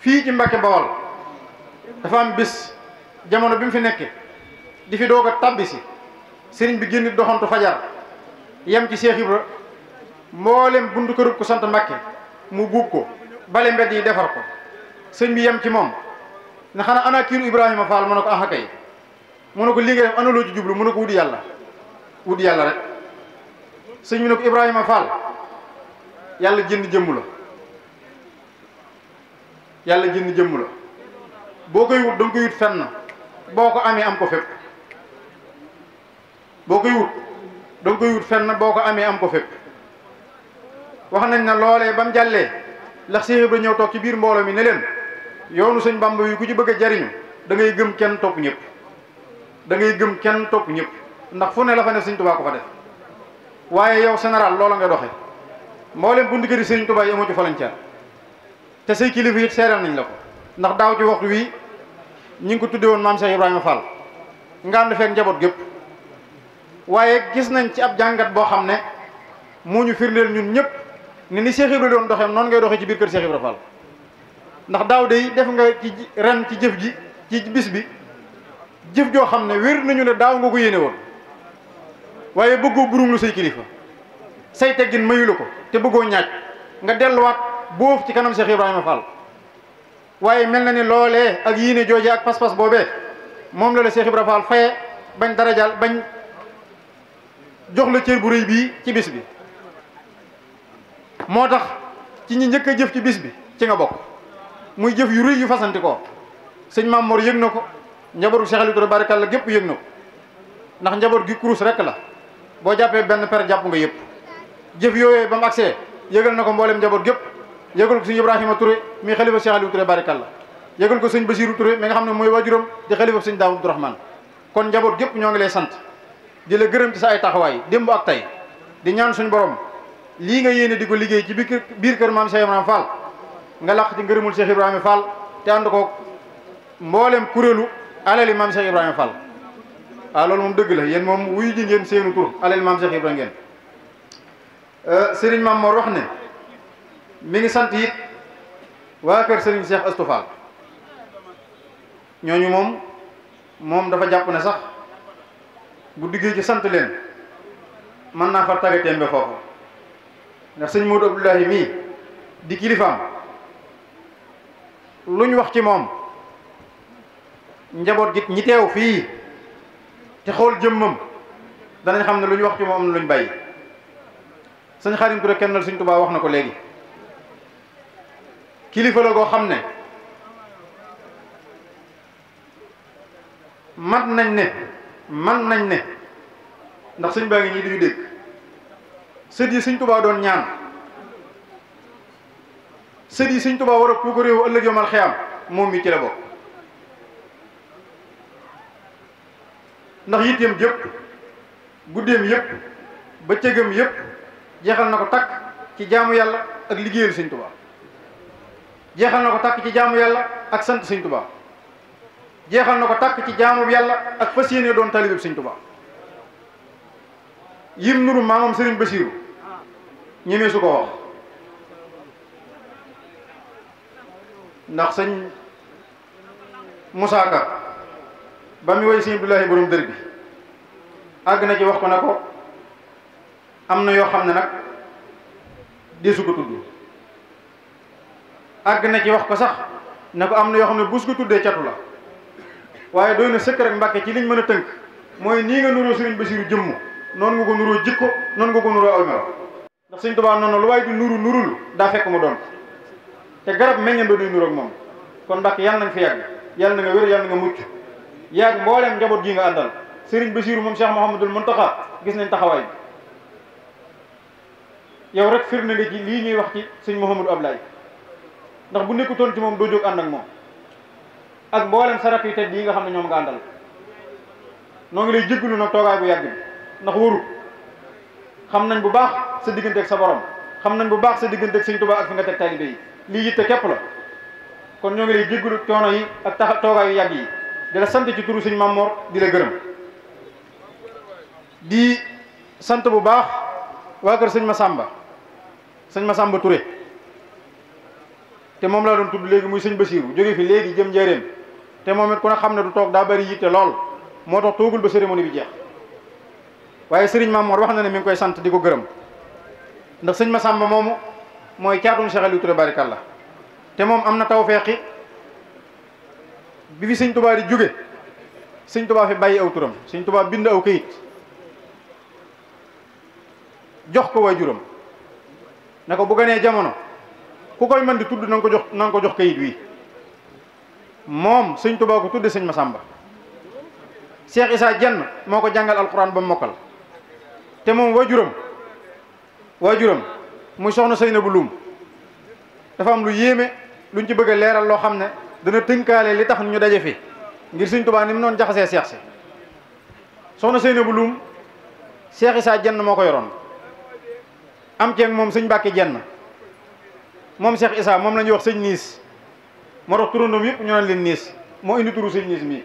fii ci Mbacke Bawol dafa am bis jamono bi mu fi nekkee di fi doog a tabbi sëriñ bi génn doxantu fajar yem ci Cheikh Ibra mboolem buntu kërub ko sant Mbacke mu buub ko bale mbedd yi defar ko sëñ bi yam ci moom na xanaa ana kiiru Ibrahima Fall mu ne ko ah kay mu ne ko li nga def ana loo jublu mu ne ko wut yàlla wut yàlla rek sëñ bi ne ko Ibrahima Fall yàlla jënd jëmm la yàlla jënd jëmm la boo koy wut danga koy wut fenn boo ko amee am ko fépp boo koy wut danga wut fenn boo ko amee am ko fépp wax nañ na loolee bam mu jàllee lax Seex Ibra ñëw toog ci biir mbooloo mi ne leen yoonu sëñ Bàmba wi ku ci bëgg a jariñu da ngay gëm kenn topp ñëpp dangay ngay gëm kenn topp ñëpp ndax fu ne la fa ne sëñ Tuubaa ko fa def waaye yow général loola nga doxe mboolem bundi kër yi sëñ Tuubaa yi amoo ci volontaire te say kilifa it seeral nañu la ko ndax daaw ci waxtu wi ñi ngi ko tudde woon maam Cheikh Ibrahima fal nga ànd fekk njaboot gépp waaye gis nañ ci ab jàngat boo xam ne moo ñu firndeel ñun ñëpp ne ni Cheikh doon doxeem noonu ngay doxe ci biir kër Cheikh Ibrahima Fall ndax daaw day def nga ci ren ci jëf ji ci bis bi jëf joo xam ne wér nañu ne daaw nga ko yéene woon waaye bëggoo burum lu say kilifa say teggin mayu ko te bëggoo ñaaj nga delluwaat bóof ci kanam Cheikh Ibrahima Fall waaye mel na ni loolee ak yéene jooje ak pas-pas boobee moom la la Cheikh Ibrahima Fall faye bañ darajal bañ jox la cër bu rëy bii ci bis bi moo tax ci ñi njëkk a jëf ci bis bi ci nga bokk muy jëf yu réy yu fasanti ko sëñ Maam Mor yëg na ko njaboru Cheikh Aliou Touré barikal la gépp yëg na ko ndax njaboot gi kurus rek la boo jàppee benn per jàpp nga yëpp jëf yooyee ba mu agsee na ko mboolem njaboot gépp yegul ko seigne Ibrahima Touré mi khalifa Cheikh Aliou Touré barikalla yegul ko seigne basirou Touré mi nga xamne moy di khalifa seigne daoud rahman kon njabot gep ñoo ngi lay sante di la gëreem ci sa ay taxaway dembu ak tay di ñaan suñu borom Li nga yene diko liggey ci biir kër mam Cheikh Ibrahima Fall nga lax ci ngërëmul Cheikh Ibrahima Fall te yen ko mbollem kurelu alali maam Cheikh Ibrahima Fall a ah, loolu mom deug la yeen mom wuyu ngeen seenu tour alali Cheikh Ibrahima ngeen euh, serigne mam mo wax ne mi ngi sant it wa kër Serigne Cheikh Astou Fall mom mom dafa japp ne sax bu diggé ci sant leen man na fa tagé tembe fofu ndax sëñ Modou abdullahi mi di kilifaam luñ wax ci mom njabot gi ñi tew fi te xol jëmmam danañ xam luñ wax ci moom luñ Xarim rek touba wax na ko kilifa la koo xam ne mat nañ ne man nañ ne ndax sëñ baa ngi nii di dégg sët yi sëñ Tuubaa doon ñaan sët siñ sëñ Tuubaa war a ku ko réew ëllëg yomal xiyam moom mi ci la bokk ndax yitteem yëpp guddeem yëpp bëccëgam yëpp jeexal na ko takk ci jaamu yàlla ak liggéeyal sëñ Tuubaa jeexal na ko tàkk ci jaamu yàlla ak sant sëñ Tuubaa jeexal na ko tàkk ci jaamu yàlla ak fas yéene doon talibeb sëñ Tuubaa yim nuru maamam sëriñ Basiiru ñemee su ko wax ndax sëñ Moussa Ka ba mu woy sëñ Abdoulahi borom dër bi àgg na ci wax ko na ko am na yoo xam ne nag deesu ko tudd àgg na ci wax ko sax ne ko am na yoo xam ne bus ko tuddee catu la waaye doy na sëkk rek mbàkke ci liñ mën a tënk mooy nii nga nuroo sëriñ Basiru jëmm noonu nga ko nuroo jikko noonu nga ko nuroo aw melo ndax sëñ Tuubaa noonu lu waaye di nuru nurul daa fekk mu doon te garab meññandoo nuy nuroog moom kon mbàkke yàlla nañ fi yàgg yàlla na nga wér yàlla na nga mucc yàgg mbooleem njaboot gi nga àndal sëriñ Basiru moom Cheikh Mouhamadul Muntaxa gis nañ taxawaay bi yow rek firnde nga ci lii ñuy wax ci sëñ Mouhamadou Ablaye ndax bu nekkutoon ci moom doo jóg ànd ak moom ak mboolem saraf yi tedd yi nga xam ne ñoom nga àndal noo ngi lay jéggalu nag toogaay bu yàgg bi ndax waru xam nañ bu baax sa diggante ak sa borom xam nañ bu baax sa diggante ak sëñ Tuubaa ak fi nga teg talibé yi lii yitte képp la kon ñoo ngi lay jéggalu coono yi ak tax toogaay yu yàgg yi di la sant ci turu sëñ Mamor di la gërëm di sant bu baax waa kër sëñ Masamba sëñ Masamba Touré te moom laa doon tudd léegi muy sëñ Basiiru jóge fi léegi jëm njëriñ te moom it ku ne xam ne du toog daa bëri yitte lool moo tax toogul ba cérémonie bi jeex waaye sëriñ Mamoor wax na ne mi ngi koy sant di ko gërëm ndax sëñ ma Masamba moomu mooy caatum Cheikh Aliou Touré barikalla te moom am na taw tawfeexi bi fi sëñ Tuubaa di jóge sëñ Tuubaa fi bàyyi aw turam sëñ Tuubaa bind aw kayit jox ko waajuram na ko bu gënee jamono ku koy mën di tudd na nga ko jox na ko jox kayit wi moom sëñ Tuubaa ko tudde sëñ Masamba Cheikh saa Jenn moo ko jàngal alquran ba mokkal te moom waajuram waajuram muy soxna bu Luum dafa am lu yéeme luñ ci bëgg a leeral loo xam ne dana tënkaale li tax ñu daje fi ngir sëñ Tuubaa ni mu noon jaxasee Cheikh si soxna bu Luum Cheikh saa Jenn moo ko yoroon am ceeg moom sëñ Bàkke Jenn mom Cheikh isa mom lañ wax seigne niis mo tax turundum yëpp ñu lan leen mo indi turu seigne niis mi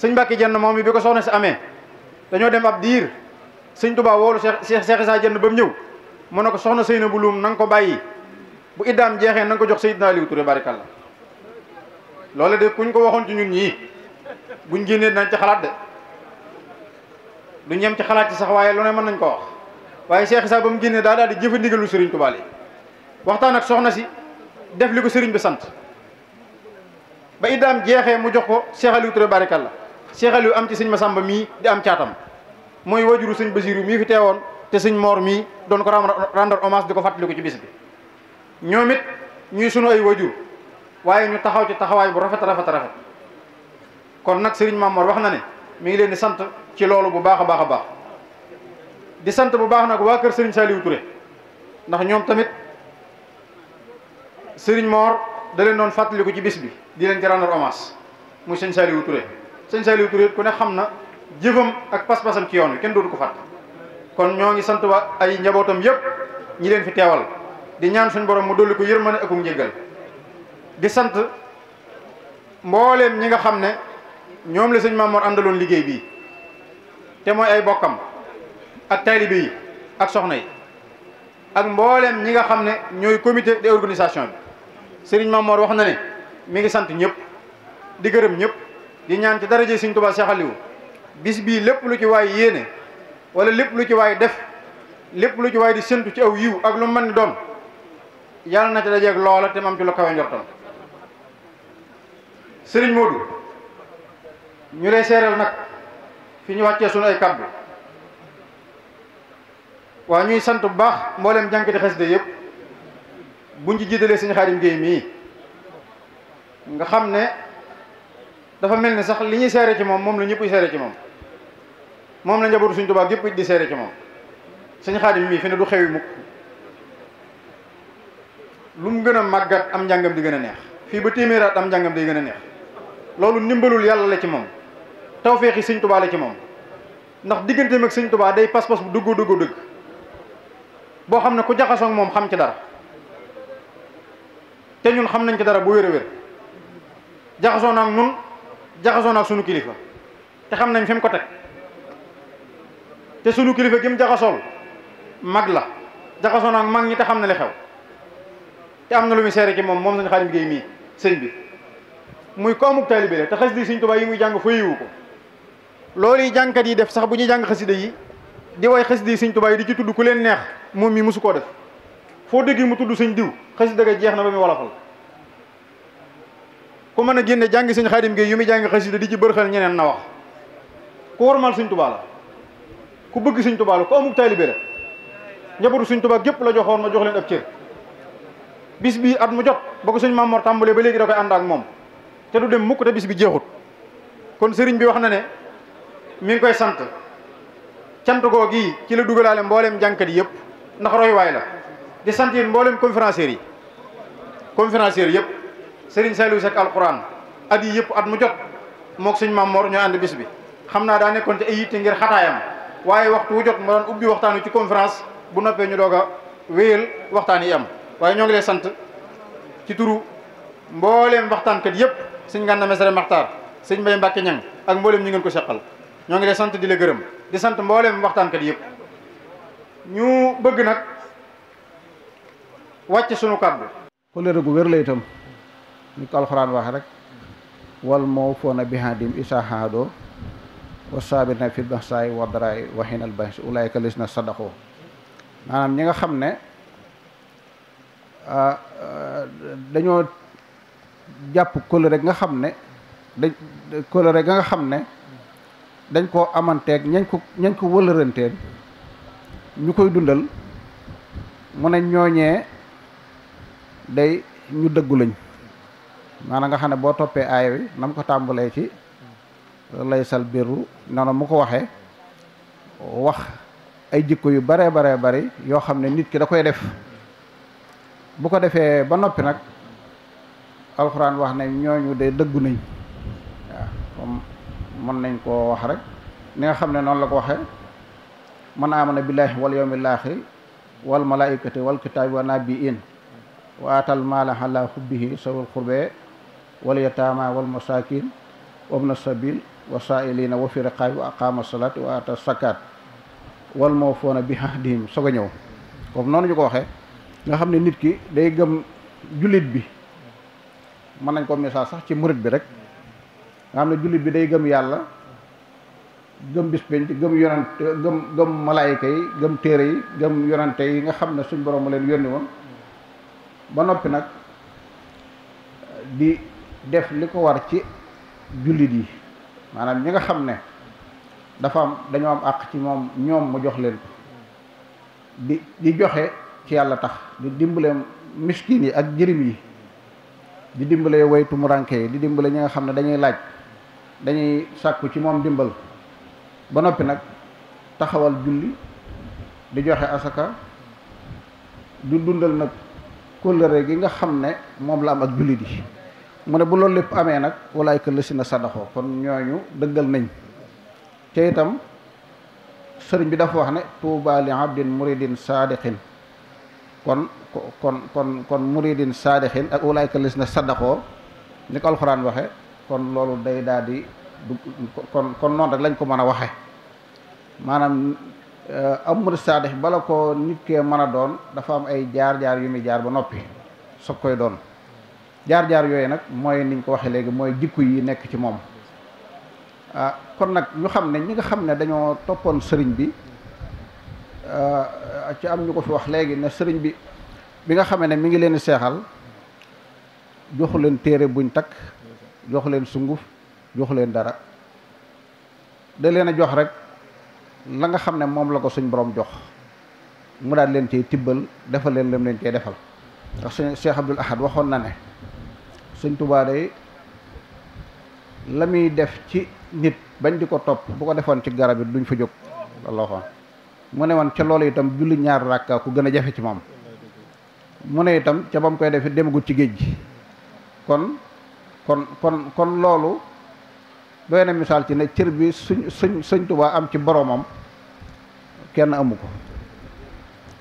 seigne mbacke jenn mom mi bi ko soxna ci amé dañu dem ab dir seigne touba wolu Cheikh Cheikh isa jenn bam ñew ñëw mu soxna seyna na bu luum na ko bayyi bu idam jeexé nang ko jox Seydina ali Touré barikalla lolé de kuñ ko waxon ci ñun ñi buñ gënné nañ ci xalaat de du ñem ci xalaat ci sax waye lu ne mën nañ ko wax waye Cheikh isa bam gënné da da daal di jëfe ndigalu Sëriñ Tuubaa li waxtaan ak soxna si def li ko sëriñ bi sant ba iddaam jeexee mu jox ko Cheikh Aliou Touré barikalla Cheikh Aliou am ci sëñ Masamba mii di am caatam mooy wajuru sëñ Basiru mii fi teewoon te sëñ moor mii doon ko rendre hommage di ko fàttaliku ci bis bi ñoom it ñuy sunu ay wajur waaye ñu taxaw ci taxawaay bu rafet rafet kon nag sëriñ Mamor wax na ne mi ngi leen di sant ci loolu bu baax a baax a baax di sant bu baax nag waa kër sëriñ Saliou Touré ndax ñoom tamit Serigne moor da leen doon fàttaliku ci bis bi di leen ci rendre hommage muy sëñ Saliou Touré sëñ Saliou ku ne xam na jëfam ak pas-pasam ci yoon wi kenn dootu ko fàtte kon ñoo ngi sant wa ay njabootam yëpp ñi leen fi teewal di ñaan suñu borom mu dolli ko yërmande akum njëggal di sant mbooleem ñi nga xam ne ñoom la sëñ Maamoor àndaloon liggéey bii te mooy ay bokkam ak taalibe yi ak soxna yi ak mbooleem ñi nga xam ne ñooy comité d'organisation bi sëriñ Mamor wax na ne mi ngi sant ñëpp di gërëm ñëpp di ñaan ci daraje sëriñ Tuubaa Cheikh Aliou bis bii lépp lu ci waay yéene wala lépp lu ci waay def lépp lu ci waay di séntu ci aw yiw ak lu mën doon yàlla na ci dajeeg loola te mam ci lu kawe njortam sëriñ Modou ñu lay seeral nag fi ñu wàccee sunu ay kàddu waa ñuy sant bu baax mboolem jànkati xasida yëpp buñ ci jiitalee sëñ Xaadim Géey mii nga xam ne dafa mel ni sax li ñuy seere ci moom moom la ñëpp seere ci moom moom la njabootu suñ tubaab yëpp di seere ci moom sëñ Xaadim mii fi ne du xewi mukk lu mu gën a màggat am njàngam di gën a neex fii ba téeméeraat am njàngam day gën a neex loolu ndimbalul yàlla la ci moom tawféexi sëñ tubaa la ci moom ndax digganteem ak sëñ tubaa day pas-pas bu dugg dugg dëgg boo xam ne ku jaxasoo moom xam ci dara te ñun xam nañ ko dara bu wér a wér jaxasoo naag ñun sunu kilifa te xam nañ fi mu ko teg te sunu kilifa gi mu jaxasool mag la jaxasoo mag ñi te xam na li xew te am na lu muy seere ci moom moom sëñ Xaadim Géey mii sëñ bi muy ko amuk taalibe la te xasida yi sëñ yi muy jàng fayiwu ko loolu yi jàngkat yi def sax bu ñuy jàng xasida yi di way xasida yi sëñ yi di ci tudd ku leen neex moom mii mosu koo def foo déggee mu tudd sëñ diw da ga jeex na ba muy wolofal ku mën a génne jàngi sëñ xaadim gi yu muy jàngi xasida di ci bërxal ñeneen na wax ku wormal sëñ tubaa ku bëgg sëñ tubaa la ku amuk taalibe la njabootu sëñ tubaa gépp la joxoon ma jox leen ab cër bis bi at mu jot ba ko sëñ Mamor tàmbalee ba léegi da koy ànd ak moom te du dem mukk te bis bi jeexut kon sëriñ bi wax na ne mi ngi koy sant cant goo gii ci la dugalaale mbooleem jànkat yi yëpp ndax roy waay la di sant yéen conférencier yi conférencier yépp Serigne salou sak alquran adi yépp at mu jot mok serigne mamour ñu and bis bi xamna da nekkon ci ay yitté ngir xataayam waye waxtu wu jot mo don ubbi waxtaan ci conférence bu noppé ñu doga a wéyal yam waye am lay sante ci turu mbooleem kat yépp serigne ganna mesere maxtaar serigne Mbay mbacke ñang ak mbooleem ñu ngeen ko seqal ñoo lay sante di la gërëm di sant mbooleem kat yépp ñu bëgg nak wàcc sunu kàddu koleere gu wér la itam ñu ko alxuraan rek wal moo foona bihadim isa haadoo wa saabirina fil baxsaay wa daraay wa hinal baxsi ulaayka lis na sadaqoo maanaam ñi nga xam ne ah, ah, dañoo jàpp koleere nga xam ne dañ koleere ga xam ne dañ koo amanteeg ñañ ko ñañ ko wëlëranteen ñu koy dundal mu ne ñooñee day ñu dëggu lañ maanaam nga xam ne boo toppee aaya wi na mu ko tàmbulee ci lay sal biru noonu mu ko waxee wax ay jikko yu baree baree bari yoo xam ne nit ki da koy def bu ko defee ba noppi nag alxuraan wax ne ñooñu de dëggu nañ waaw comme mën nañ koo wax rek ni nga xam ne noonu la ko waxee man amana billahi wal yawmil axiri wal malaikati wal kitaabi wa nabiin wa atal maala ala hubbihi sawal qurbe wal yataama wal masakin wabna sabil wa sa'ilina wa fi riqabi wa aqama salat wa ata sakat wal mawfuuna bi ahdihim soog a ñëw comme noonu ñu ko waxee nga xam ne nit ki day gëm jullit bi mën nañ ko message sax ci murit bi rek nga xam ne jullit bi day gëm yàlla gëm bis penc gëm yonent gëm gëm malaayika yi gëm téere yi gëm yonente yi nga xam ne suñ borom leen yónni woon ba noppi nag di def li ko war ci jullit yi maanaam ñi nga xam ne dafa am dañoo am àq ci moom ñoom mu jox leen ko di di joxe ci yàlla tax di dimbale miskin yi ak jërim yi di dimbale waytu mu yi di dimbale ñi nga xam ne dañuy laaj dañuy sàkku ci moom dimbal ba noppi nag taxawal julli di joxe asaka du dundal nag kóllëre gi nga xam ne moom la am ak jullit yi mu ne bu loolu lépp amee nag walaayka lësi na sadaxoo kon ñooñu dëggal nañ te itam sëriñ bi dafa wax ne tuuba li abdin muridin saadiqin kon kon kon kon muridin saadiqin ak walaayka lësi na sadaxoo ni ko alxuraan waxe kon loolu day daal di kon kon noonu rek lañ ko mën a waxe maanaam Euh, am murid saadix bala ko nit kee mën a doon dafa am ay jaar-jaar yu muy jaar ba noppi soog koy doon jaar-jaar yooyu nag mooy niñ ko waxee léegi mooy jikko yi nekk ci moom ah kon nag ñu xam ne ñi nga xam ne dañoo toppoon sëriñ bi euh, ci am ñu ko fi wax léegi ne sëriñ bi bi nga xamee ne mi ngi leen di seexal joxu leen téere buñ takk joxu leen sunguf joxu leen dara da leen a jox rek la nga xam ne moom la ko suñ boroom jox mu daal leen ciy tibbal defal leen lam leen cee defal ndax suñ Cheikh Abdoul Ahad waxoon na ne suñ Tuubaa day la muy def ci nit bañ di ko topp bu ko defoon ci garab it duñ fa jóg loolu la waxoon mu ne woon ca loolu itam julli ñaar rakka ku gën a jafe ci moom mu ne itam ca ba mu koy defee demagul ci géej gi kon kon kon kon loolu doy na ci ne cër bi suñ suñ tuba am ci boromam kenn amuko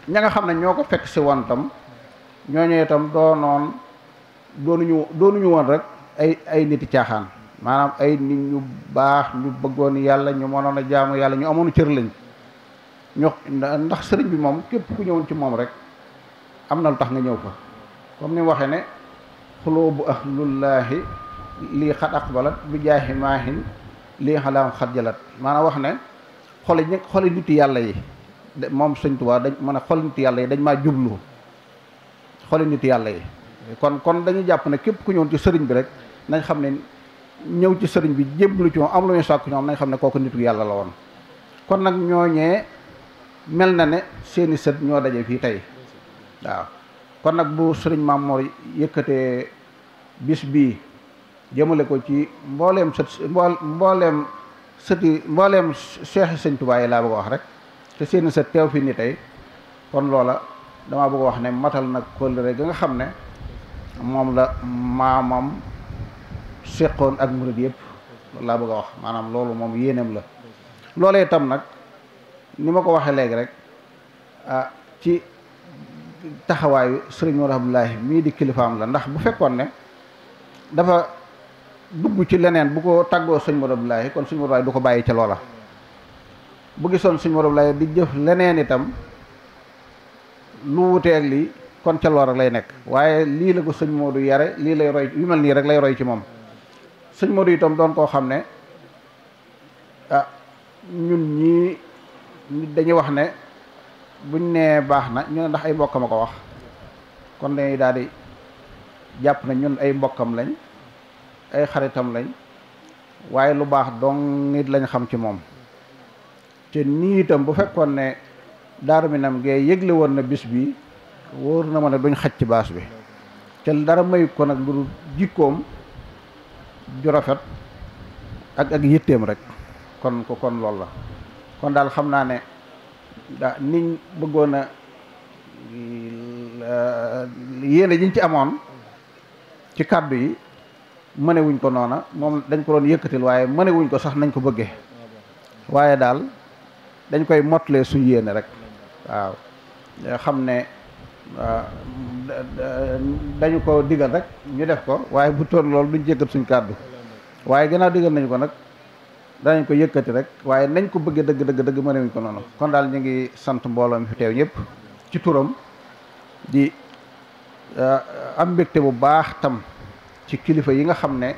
ña nga xam ne fekk ci wantam ñoñe tam do non do doonuñu doonuñu woon rek ay ay ci xaan manam ay nit ñu baax ñu bëggoon yalla ñu mënoon jaamu yalla ñu amono cër lañ ñu ndax sëriñ bi mom képp ku ñëwoon ci mom rek amna lu tax nga ñëw fa comme ni mu waxee ne xuloobu ahlullahi lii xat aqbalat bi jaahi maahin lii xalaam xat jalat maanaam wax ne xole ñi xole niti yàlla yi moom sëñ Tuubaa dañ ma ne xole niti yàlla yi dañ maa jublu xole niti yàlla yi kon kon dañu jàpp na képp ku ñëwoon ci sëriñ bi rek nañ xam ne ñëw ci sëriñ bi jébbalu ci moom am lu ñu nañ xam ne kooku nitu yàlla la woon kon nag ñooñee mel na ne seeni sët ñoo daje fii tey waaw kon nag bu sëriñ Mamoor yëkkatee bis bii jëmale ko ci mbooleem sët mbooleem sëti mbooleem seexi sëñ Tuubaa yi laa bëgg a wax rek te seeni sët teew fi ni tey kon loola damaa bëgg a wax ne matal nag kóllëre ga nga xam ne moom la maamam seqoon ak murid yépp loolu laa bëgg a wax maanaam loolu moom yéeneem la loolee itam nag ni ma ko waxee léegi rek ah ci taxawaayu sëriñ Mor Abdoulaye mii di kilifaam la ndax bu fekkoon ne dafa dugg ci leneen bu ko tàggoo sëñ Modou Abdoulaye kon sëñ Modou Abdoulaye du ko bàyyi ca bu gisoon sëñ Modou Abdoulaye di jëf leneen itam lu wuteeg lii kon ca loola lay nekk waaye lii la ko sëñ Modou yare lii lay roy yu mel nii rek lay roy ci moom sëñ Modou itam doon koo xam ne ah ñun ñii dañuy wax ne buñ nee baax na ñu ne ndax ay mbokkam a ko wax kon dañuy daal di jàpp na ñun ay mbokkam lañ ay xaritam lañ waaye lu baax dong nit lañ xam ci moom te nii bu fekkoon ne daaru minam gee yëgle woon na bis bi wóor na ma ne duñ xaj ci baas bi te dara mayu ko nag lu jikkoom ju rafet ak ak yitteem rek kon ko kon loolu la kon daal xam naa ne daa niñ bëggoon a yéene jiñ ci amoon ci kàddu yi mënewuñ ko noona moom dañ ko doon yëkkatil waaye mënewuñ ko sax nañ ko bëggee waaye daal dañ koy motlee suñ yéene rek waaw eh, xam ne ah, dañu ko digal rek ñu def ko waaye bu toon lool duñ jëkkat suñ kàddu waaye gannaaw digal nañu ko nag danañ ko yëkkati rek waaye nañ ko bëggee dëgg dëgg dëgg mënewuñ ko noonu kon daal ñu ngi sant mbooloo mi fi teew ñëpp ci turam di ah, am mbégte bu baax tam ci kilifa yi nga xam ne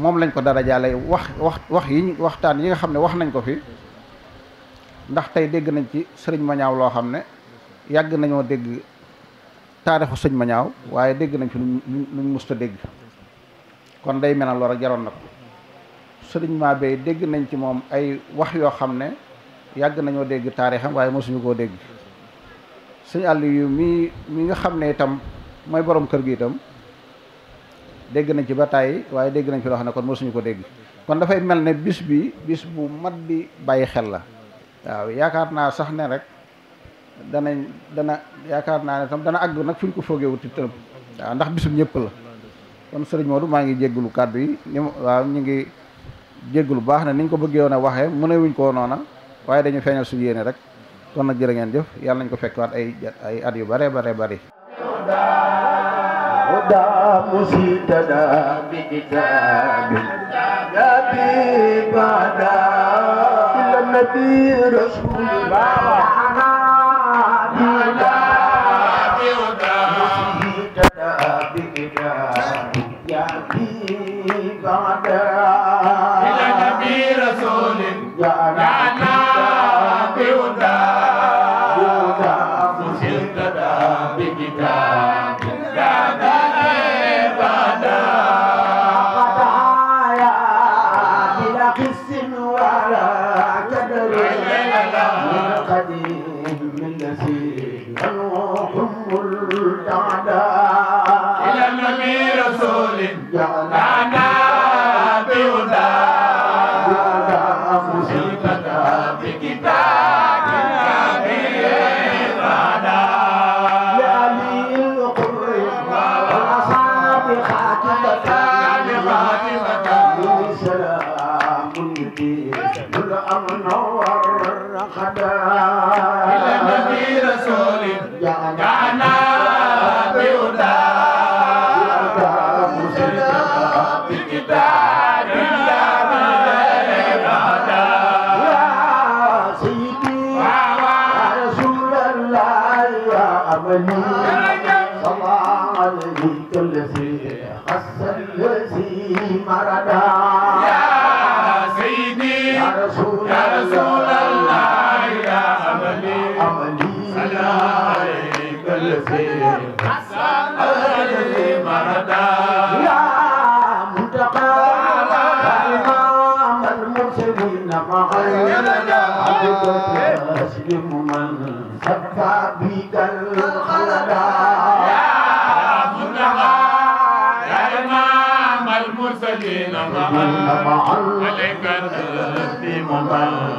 moom lañ ko dara jaale wax wax wax yi waxtaan yi nga xam ne wax nañ ko fi ndax tey dégg nañ ci sëriñ Mañaaw loo xam ne yàgg nañoo dégg taarixu sëñ Mañaaw waaye dégg nañ fi luñ luñ musta dégg kon day mel na loolu jaroon na ko sëriñ Mabey dégg nañ ci moom ay wax yoo xam ne yàgg nañoo dégg taarixam waaye mosuñu koo dégg sëñ àll yu mi mi nga xam ne itam mooy boroom kër gi itam dégg nañ ci bataay tàyyi waaye dégg nañ fi loo xam ne kon mosuñu ko dégg kon dafay mel ne bis bi bis bu mat bi bàyyi xel la waaw yaakaar naa sax ne rek danañ dana yaakaar naa ne tam dana àgg nag fuñ ko foogee wuti tëb waaw ndax bisum ñëpp la kon sëriñ Modou maa ngi jégglu kàddu yi ni waaw ñu ngi jégglu baax na niñ ko bëggee woon a waxee mënewuñ ko noona waaye dañu feeñal su yéene rek kon nag jërë ngeen jëf yàlla nañ ko fekkwaat ay ay at yu bare bare bari غدا مسيتنا بكتاب نبي بعدا إلا النبي رسول الله يا نبي رسول يا تسلم من سبى بك الخلدا يا منها يا إمام المرسلين معا عليك التسليم من